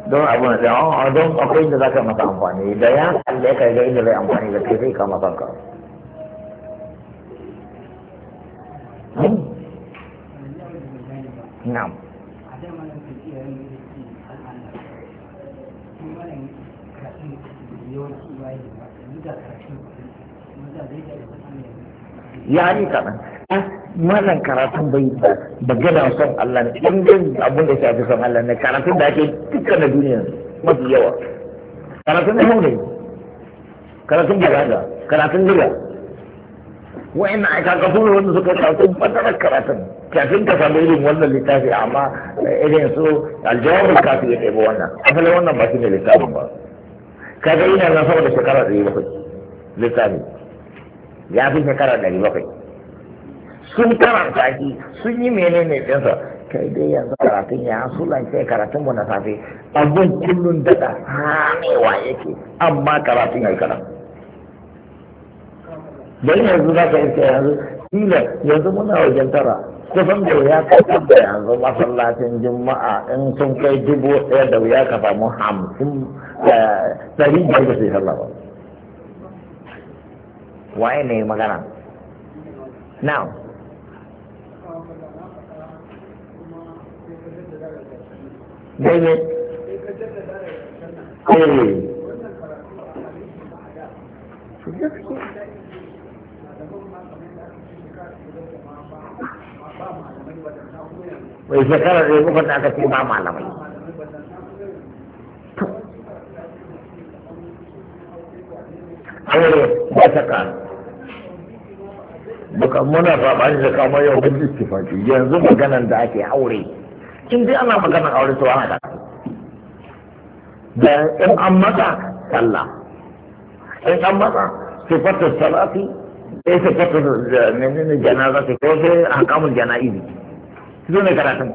Speaker 1: don da a oh, oh, don akwai inda za ka masa amfani da ya kalle ka ga inda zai amfani da kai sai ka masa ka hmm. na'am ya ne kaɗan malan karatun bai da gana son Allah ne in dai abin da shafi son Allah ne karatun da ake duka na duniya mafi yawa karatun na hau ne karatun balaga karatun liga wa'in na aika ne wanda suka karatu fatarar karatun kafin ka samu irin wannan littafi amma eh, irin su aljawabin kafin ya ɗaiba wannan asalin wannan ba shi ne littafin ba ga ina na sama da shekara ɗari bakwai littafi ya fi shekara ɗari bakwai sun karanta shi sun yi menene ɗinsa kai dai yanzu karatun ya sulance karatun mu na safe abin kullun daɗa hamewa yake amma karatun ya yi kaɗan don yanzu za ka iske yanzu kila yanzu muna wajen tara kusan da ya ka da yanzu masallacin juma'a in sun kai dubu ɗaya da wuya ka samu hamsin eh, ɗari biyar da sai sallah ba waye ne magana now daidai mai eh. shekarar da kuka da aka ce ba malamai aure eh, ba ta ka baka muna faɓa da kama yau da istifaki yanzu maganan da ake aure in dai ana magana aure to ana da da in an mata sallah in an mata sifatar salati sai eh, sifatar eh, menene janaza ta ko sai hakamun jana'izi zo ne karatun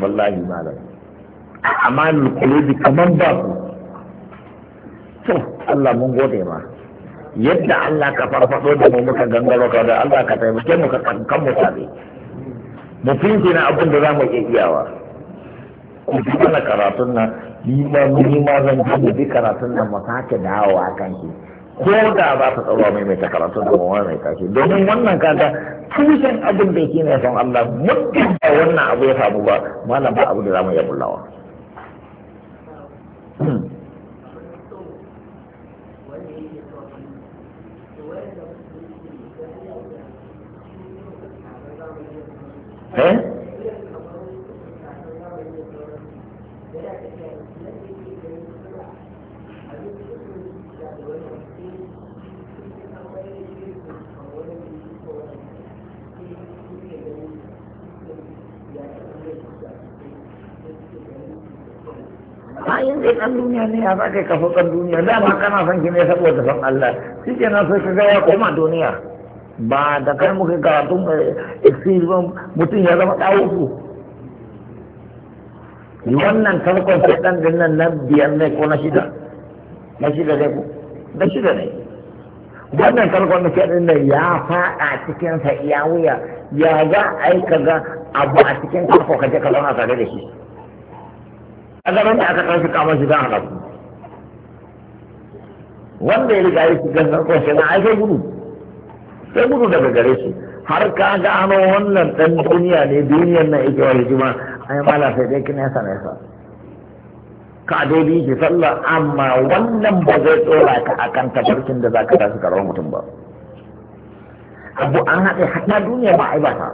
Speaker 1: wallahi malam
Speaker 2: a amalul qulubi
Speaker 1: kaman ba ku to Allah mun gode ma yadda Allah ka farfaso da mu muka gangaro ka da Allah ka taimake mu ka kan mu tabe mu na abin da zamu mu iya iyawa ku bi mana karatun nan ni ma ni ma zan ji bi karatun nan mu sake dawowa kan ki ko da ba ta tsaro mai mai karatun da mu mai kashi domin wannan kaga tushen abin da yake ne son Allah mutum da wannan abu ya samu ba malam ba abu da zamu mu iya bullawa hmm. eh bayan dai duniya ne ya zaka kafa kan duniya dama kana son shi ne saboda son Allah shi kenan sai ka gaya koma duniya ba da kai muka karatun eh, experience mutum ya zama su wannan tarkon fitan din nan na biyar ne ko na shida na shida ne ko na shida ne wannan tarkon na shida ne ya faɗa cikin sa ya wuya ya za a yi kaga abu a cikin tarko ka je ka zauna tare da shi a gaban da aka ɗauki kama shi zan haɗa wanda ya riga ya shiga tarkon shi na aikai gudu sai gudu daga gare su har ka gano wannan ɗan duniya ne duniyar nan wani wa a yi mala sai dai kina yasa nesa ka dai bi shi sallah amma wannan ba zai tsora ka kan tabarkin da ka tashi karar mutum ba abu an haɗe hata duniya ba ai ba ta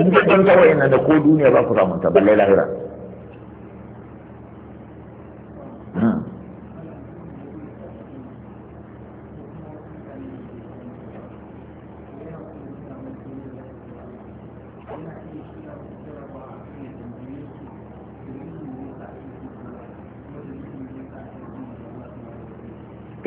Speaker 1: in ka ɗan tawaye na da ko duniya ba ku samunta ba balle lahira hmm.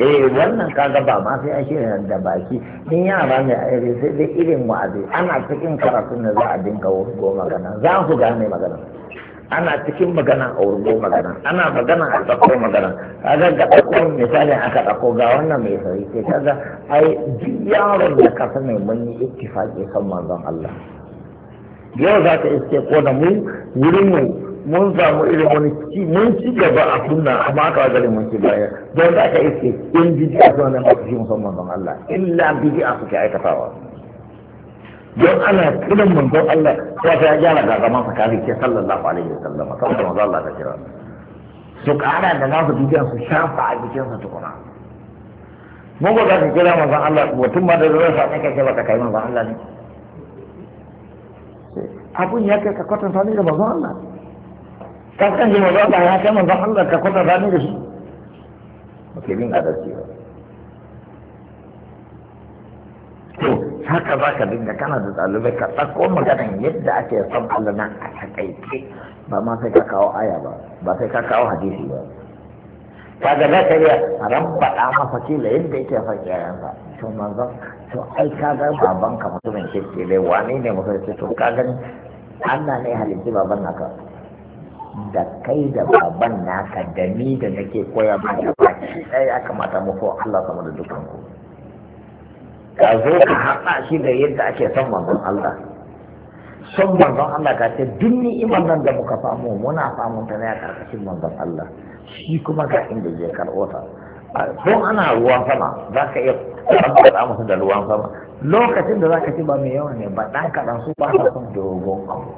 Speaker 1: eh wannan kaga ba ma sai an shirya da baki in yara ne a eh, yi sai dai irin wa'azi ana cikin karatun da za a dinga wurgo magana za ku gane magana ana cikin magana a wurgo magana ana magana a tsakko magana kaga ga tsakko misali aka tsakko ga wannan mai sauri sai kaga ai duk yaron da ka mai mun yi ittifaqi kan manzon Allah yau za ka iske ko da mu wurin mu mun samu irin wani ci mun ci gaba a sunna amma aka wajen mun ci baya don da aka iske in bidiya suna nan ba su musamman don Allah illa bidiya suke aikatawa don ana kiran manzon Allah kuma ta gyara gagaman sa kafin ke sallallahu alaihi wasallam ka Ta manzon Allah ta kira su kara da su bidiyan su shafa a jikin sa tukuna mun ga ka kira manzon Allah mutum ma da zai sa kai ba ka kai manzon Allah ne abun ya kai ka kwatanta ni da manzon Allah ka san ji mazo ba ya kai manzon Allah ka kwata zani da shi ke bin adalci ba to haka za ka dinga kana da ɗalibai ka ɗauko maganan yadda ake son Allah nan a takaice ba ma sai ka kawo aya ba ba sai ka kawo hadisi ba ga za ka iya rambaɗa masa kila yadda yake son yayansa to manzon to ai ka baban babanka mutumin kirki dai wane ne mutum ce to ka gani Allah ne halitti baban naka da kai da baban naka da ni da nake koya ba da baki ɗaya ya kamata mu ko Allah sama da dukkan ku ka zo ka haɗa shi da yadda ake son manzon Allah son manzon Allah ka ce duk iman nan da muka famu muna samun ta ne a ƙarƙashin manzon Allah shi kuma ga inda je karɓo ta don ana ruwan sama za ka iya kwanta musu da ruwan sama lokacin da za ka ci ba mai yawa ne ba ɗan kaɗan su ba sa son dogon abu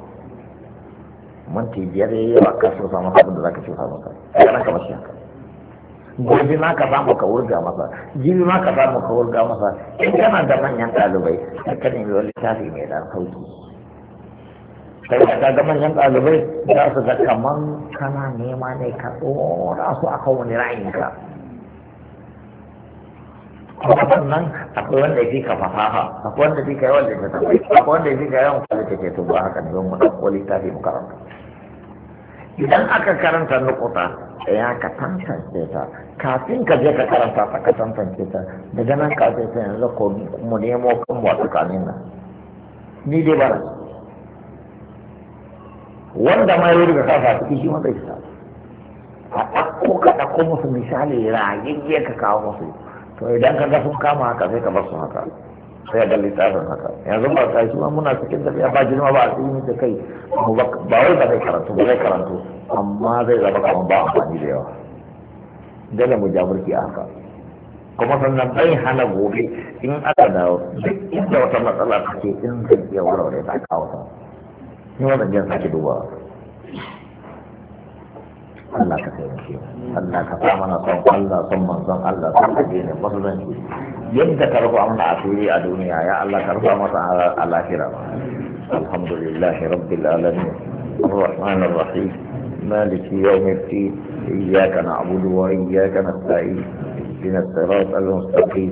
Speaker 1: minti biyar ya yi yawa ka so samu abin da za ka so samu ka kana kamar shi haka gobe ma ka samu ka wurga masa jibi ma ka samu ka wurga masa in kana da manyan ɗalibai ka nemi wani tafi mai dan sauki kai da ka ga manyan ɗalibai za su ga kamar kana nema ne ka tsora su akan wani ra'ayinka sannan akwai wanda ya fi ka fasaha akwai wanda ya fi ka yawan littattafai akwai wanda ya fi ka yawan kwalitace to ba haka ne don mu ɗauko littafi mu karanta idan aka karanta nukuta ya ka tantance ta kafin ka je ka karanta ta ka tantance ta daga nan ka je ta yanzu ko mu nemo kan mu wasu kamin nan ni dai ba wanda ma ya riga kafa ciki shi ma bai sa a ɗauko ka ɗauko musu misali rayayye ka kawo musu to idan ka ga sun kama haka sai ka bar su haka sai ga littafin haka yanzu ba ka shi muna cikin tafiya ba jirma ba a tsini da kai ba wai ba zai karatu ba zai karatu amma zai zama kamar ba amfani da yawa dole mu jamurki a haka kuma sannan bai hana gobe in aka da duk inda wata matsala take in zai iya warware ta kawo ta ni wannan jin sake dubawa Allah ka taimake mu Allah ka sa mana son Allah son manzon Allah son addini musulunci yadda ka rufa mana asiri a duniya ya Allah ka rufa masa a lahira alhamdulillah rabbil alamin الرحمن الرحيم مالك يوم الدين إياك نعبد وإياك نستعين اهدنا الصراط المستقيم